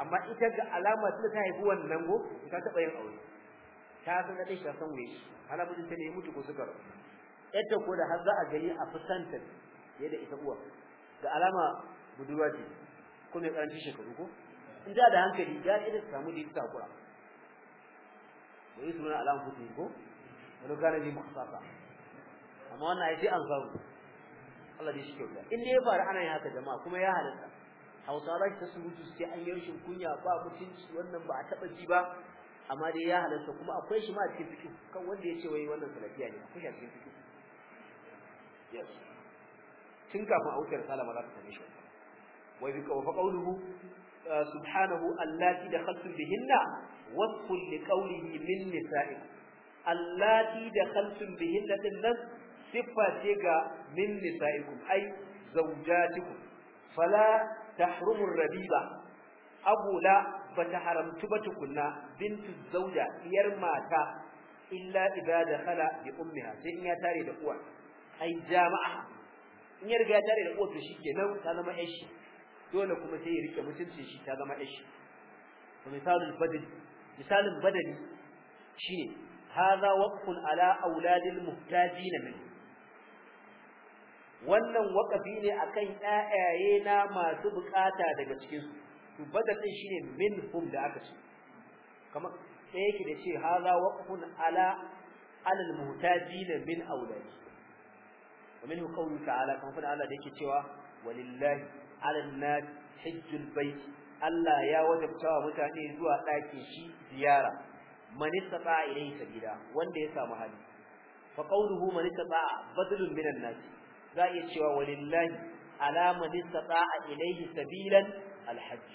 Speaker 1: amma ita ga alama tun ta haifi wannan go ta taɓa yin aure ta san da ta san waye ana mijin ta ne ya mutu ko suka ita ko da har za a gani a fusanta da ita uwa ga alama budurwa ce ko mai karanci shekaru ko in da da hankali ga ita ta samu da ita kura bai suna alama ko ko wani gane ne mukhasasa amma wannan ai sai an zaru Allah ya shi kyauta in dai ya faru ana yin haka jama'a kuma ya halatta Hausawa za ki ta surutu sai an yi rashin kunya ba mutunci wannan ba a taɓa ji ba amma dai ya halarta kuma akwai shi ma a cikin fiki kan wanda ya ce wai wannan salafiya ne akwai shi a cikin fiki yes tun kafin a wuce risala za ta same shi wai bi kawo faƙauluhu ah, subhanahu allati da khaltul bihinna wasfun li qawlihi min nisa'i allati da bihinna din nan siffa ce ga min nisa'ikum ai zawjatikum fala tahrumu rabiba abula bata haramtu ba tukuna, bintu zauja iyar mata illa idza dakhala bi ummiha sai in ya tare da uwa ai jama'a in ya riga tare da uwa to shikenan ta zama yashi dole kuma sai ya rike mutuncin shi ta zama ala auladil muhtajin min wannan wakafi ne akan ƴaƴaye na masu bukata daga cikin su to badal din shine minhum da aka ce kamar sai yake da ce haza waqfun ala ala almuhtajin min awladi wa minhu qawlu ta'ala kamar fa Allah da yake cewa walillahi ala an-nas hajjul Allah ya wajabta wa mutane zuwa ɗakin shi ziyara man istata ilayhi sabila wanda ya samu hali fa qawluhu man za a iya cewa walillahi alama man istata'a ilayhi sabilan alhajj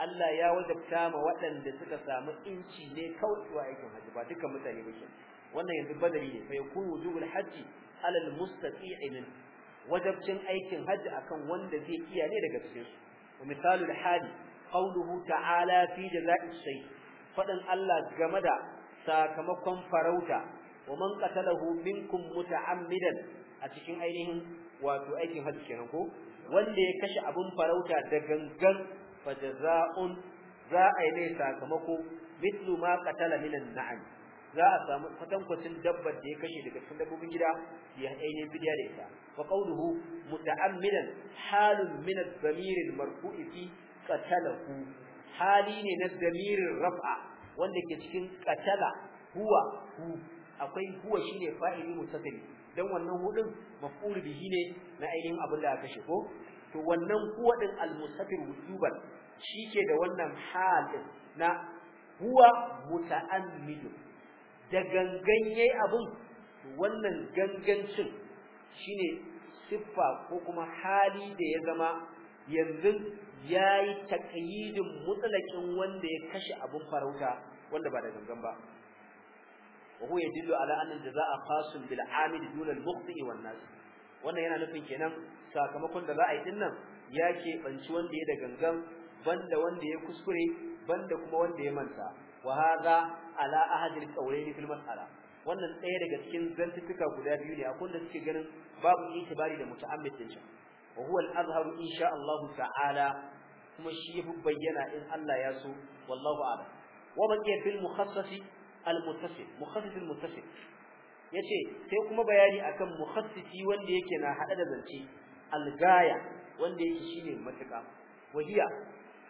Speaker 1: Allah ya wajabta ma waɗanda suka samu inci ne kawai wa aikin hajji ba dukkan mutane ba wannan yanzu badari ne fa yakun wujubul hajji ala almustati'i min wajabcin aikin hajji akan wanda zai iya ne daga cikin su wa misalul hali qawluhu ta'ala fi jaza'is sayy fadan Allah game da sakamakon farauta wa man qatalahu minkum muta'ammidan a cikin ainihin wato aikin hajji kenan ko wanda ya kashe abun farauta da gangan fa jazaa'un za a yi sakamako mithlu ma qatala minan na'am za a samu kwatankwacin dabbar da ya kashe daga cikin dabbobin gida ya ainihin bidiya da ita fa qawluhu muta'ammidan halun min ad-damir al-marfu'i fi qatalahu hali ne na damirin raf'a wanda ke cikin qatala huwa hu akwai huwa shine fa'ili mutasili dan wannan hudin maf'ul bihi ne na ainihin abin da aka kashe ko to wannan kuwa din al-musafir wujuban shike da wannan halin na huwa muta'ammid da gangan yayi abin wannan gangancin shine siffa ko kuma hali da ya zama yanzu yayi takyidin mutlaqin wanda ya kashe abun farauta wanda ba da gangan ba wa ya yadullu ala da za a bil 'amil duna al wannan yana nufin kenan sakamakon da za a yi dinnan ya ke banci wanda ya da gangan banda wanda ya kuskure banda kuma wanda ya manta wa hadha ala ahadil qawlayn fil mas'ala wannan ɗaya daga cikin zantuka guda biyu ne akwai da suke ganin babu itibari da muta'ammid din shi wa huwa al-azhar insha Allah ta'ala kuma shi yafi bayyana in Allah ya so wallahu a'lam wa man yabil mukhassasi al-muttasil mukhassis al-muttasil yace sai kuma bayani akan mukhassisi wanda yake na hada da zance al-gaya wanda yake shine matuka Wajiya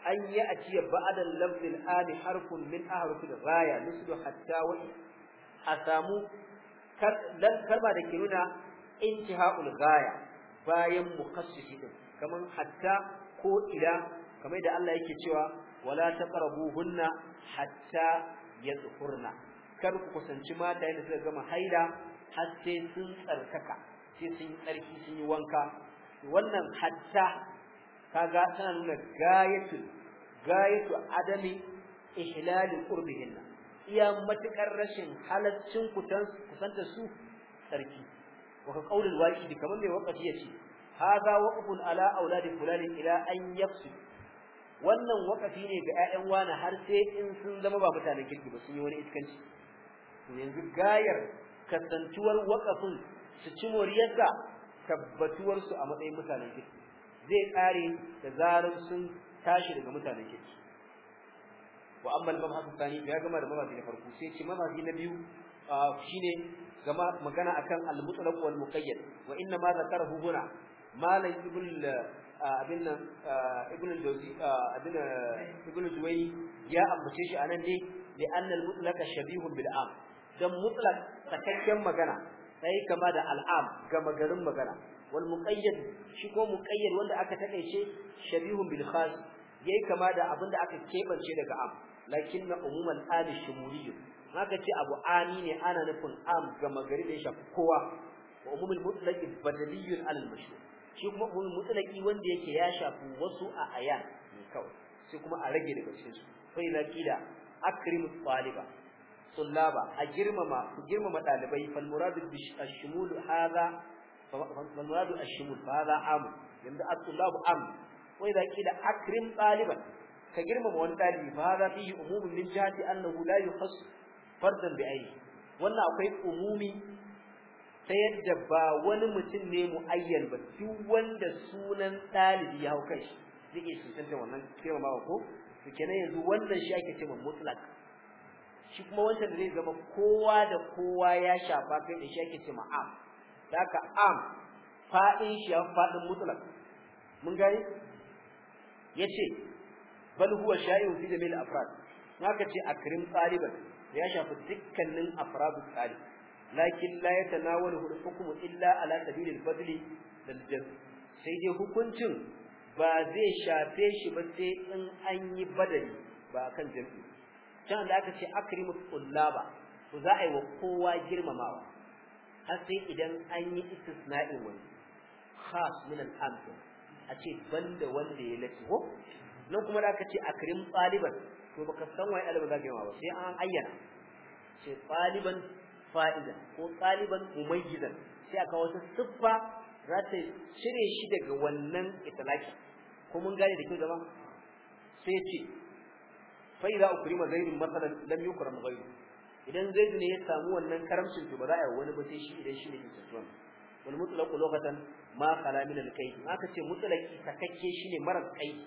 Speaker 1: an yi a ciye ba'adar lafzin ali harfun min aharufin raya mislu hatta wani a samu karba da ke nuna intiha'ul gaya bayan mukassisi din kaman hatta ko ila kamar da Allah yake cewa wala taqrabuhunna hatta yadhurna kar ku kusanci mata da suka gama haida har sai sun tsarkaka sai sun yi tsarki sun yi wanka wannan hatta kaga tana nuna gayatu gayatu adami ihlal qurbihin iya matukar rashin halaccin kusanta su tsarki waka qaulul waqidi kamar mai waqati yace haza waqful ala auladi fulani ila an yafsu wannan wakafi ne ga 'ya'yan wani har sai in sun zama ba mutanen kirki ba sun yi wani iskanci to yanzu gayar kasantuwar wakafin su ci moriyarsa tabbatuwar su a matsayin mutanen kirki zai kare da zarar sun tashi daga mutanen kirki wa amma al-mabhasu thani ya gama da mabazi na farko sai ce mabazi na biyu shine gama magana akan al-mutlaq wal muqayyad wa inna ma zakarahu huna malan ibn Eh, eh, abin nan ibn al abin ibn al ya ambace shi anan dai bi anna al-mutlaq shabihun bil am dan mutlaq sakakken magana sai kama da al-am gama garin magana wal muqayyad shi ko muqayyad wanda aka takeice shabihun bil khas yayi kama da abinda aka kebance daga am lakin na umuman al shumuliyyu haka ce abu ani ne ana nufin am gama gari da shi kowa wa umumul mutlaq badaliyyun al mashhur shi kuma hukumul wanda yake ya shafi wasu a aya ne kawai sai kuma a rage daga cikin su fa idza qila akrimu taliba tullaba a girmama ku girmama dalibai fal muradu ash-shumul hadha fal muradu ashmul hadha am yanda at-tullabu am fa idza qila akrim taliba ka girmama wani dalibi fa hadha fi umumun min jati annahu la yukhass fardan bi ayyi wannan akwai umumi ta yadda ba wani mutum ne muayyan ba duk wanda sunan ɗalibi ya hau kai zai iya da wannan ba ko to kenan yanzu wannan shi ake cewa mutlak shi kuma wancan da zai zama kowa da kowa ya shafa kai da shi ake cewa am da haka am fa'in shi ya faɗin mutlak mun gani yace bal huwa sha'in fi jamil afrad ya ce akrim taliban ya shafi dukkanin afradu talib lakin la yatanawalu hukmu illa ala sabilil fadli lil jazm sai dai hukuncin ba zai shafe shi ba sai in an yi badali ba kan jazm can da aka ce akrimu tullaba to za a yi wa kowa girmamawa har sai idan an yi istisna'in wani khas min al-amthil a ce banda wanda ya lati ko nan kuma da aka ce akrim taliban to baka san wai ɗaliban zaka yi ba sai an ayyana ce taliban fa'idan ko qaliban umayyidan sai aka wata siffa za ta cire shi daga wannan itilaki ko mun gane da kyau zama? sai ce fa idza ukrima zaidun masalan lam yukram ghayru idan zaidu ne ya samu wannan karamcin to ba za a yi wani ba sai shi idan shi ne ke tsuwan wal mutlaqu lughatan ma khala min al kayd ka ce mutlaqi takakke ne marar kaidi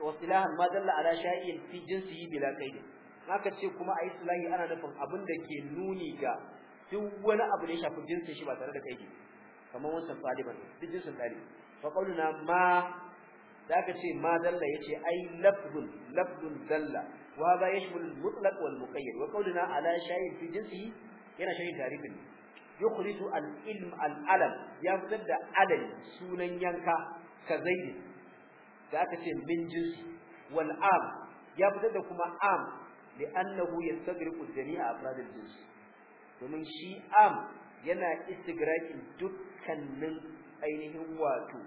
Speaker 1: wasilahan ma dalla ala shay'in fi jinsihi bila kaidin haka ce kuma a islahi ana nufin abin da ke nuni ga duk wani abu da ya shafi jinsin shi ba tare da kai kamar wancan taliban duk jinsin tali fa qauluna ma da aka ce ma dalla yace ai lafzun lafzun dalla wa ba yashmul mutlaq wal muqayyad wa qauluna ala shay'in fi jinsi yana shayin tarifin yukhrisu al ilm al alam ya fitar da alal sunan yanka ka zaidi da aka ce min jinsi wal am ya fitar da kuma am li'annahu yastagriqu jami'a afrad al-jins domin shi am yana istigraqin dukkanin ainihin wato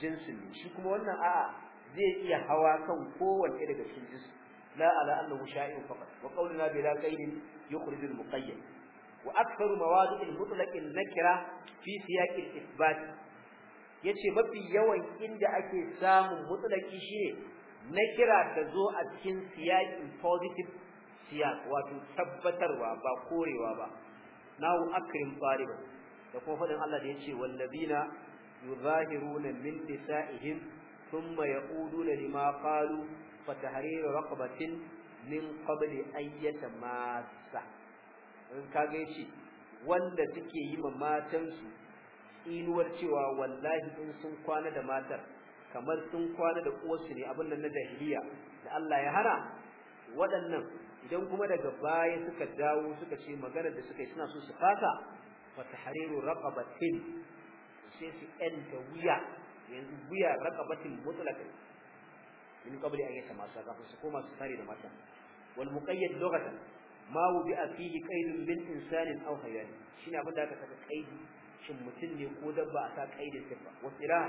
Speaker 1: jinsin shi kuma wannan a'a zai iya hawa kan kowanne daga cikin jinsi la ala annahu sha'in faqat wa qawluna bila qaidin yukhrij al-muqayyad wa aktharu mawadi' al-mutlaq al-nakira fi siyaq al-ithbat yace mafi yawan inda ake samun mutlaki shine na kira ta zo a cikin siyakin positive siyak wato tabbatarwa ba korewa ba Na nahu akrim ba. da kuma fadin Allah da yace wallazina yuzahiruna min nisa'ihim thumma yaquluna lima qalu fa tahriru raqabatin min qabli an yatamassa in ga shi wanda suke yi ma matansu inuwar cewa wallahi in sun kwana da matar kamar sun kwana da uwarsu ne abin nan na jahiliya da Allah ya hana waɗannan idan kuma daga baya suka dawo suka ce maganar da suka yi suna so su fasa fa tahriru raqabatin sai su ta wuya yanzu wuya raqabatin mutlaqan min qabli an yatamasa kafin su koma su tare da mata wal muqayyad lughatan ma wubi fihi qaidun bil insanin aw hayyan shine abin da aka saka qaidi shin mutum ne ko dabba a sa qaidin dabba wasira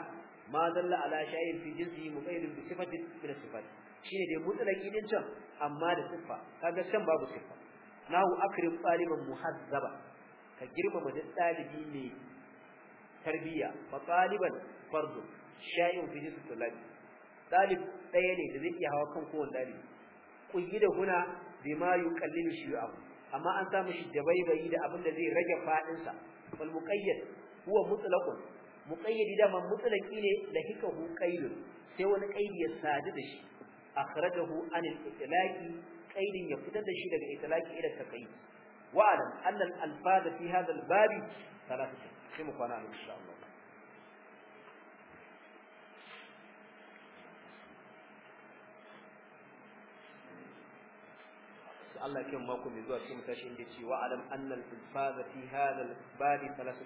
Speaker 1: ma dalla ala shay'in fi jinsi muqayyid bi sifatin min sifat shine dai mutlaki din can amma da siffa kaga can babu siffa nahu akrim taliban muhazzaba ka girmama duk dalibi ne tarbiyya fa taliban fardu shay'in fi jinsi talabi dalib daya ne da zai iya hawa kan kowanne dalibi da huna bima yuqallilu shi'ahu amma an samu shi dabaibayi da abin da zai rage fadin sa wal muqayyad huwa mutlaqun مقيد من مطلق إلى لهيك هو قيد سوى القيد يساعدش أخرجه عن الإطلاق قيد يفتد شيئا الإطلاق إلى التقييد وأعلم أن الألفاظ في هذا الباب ثلاثة خيمة فنانه إن شاء الله الله كم موكم يزور شمتاش اندتي وأعلم أن الألفاظ في هذا الباب ثلاثة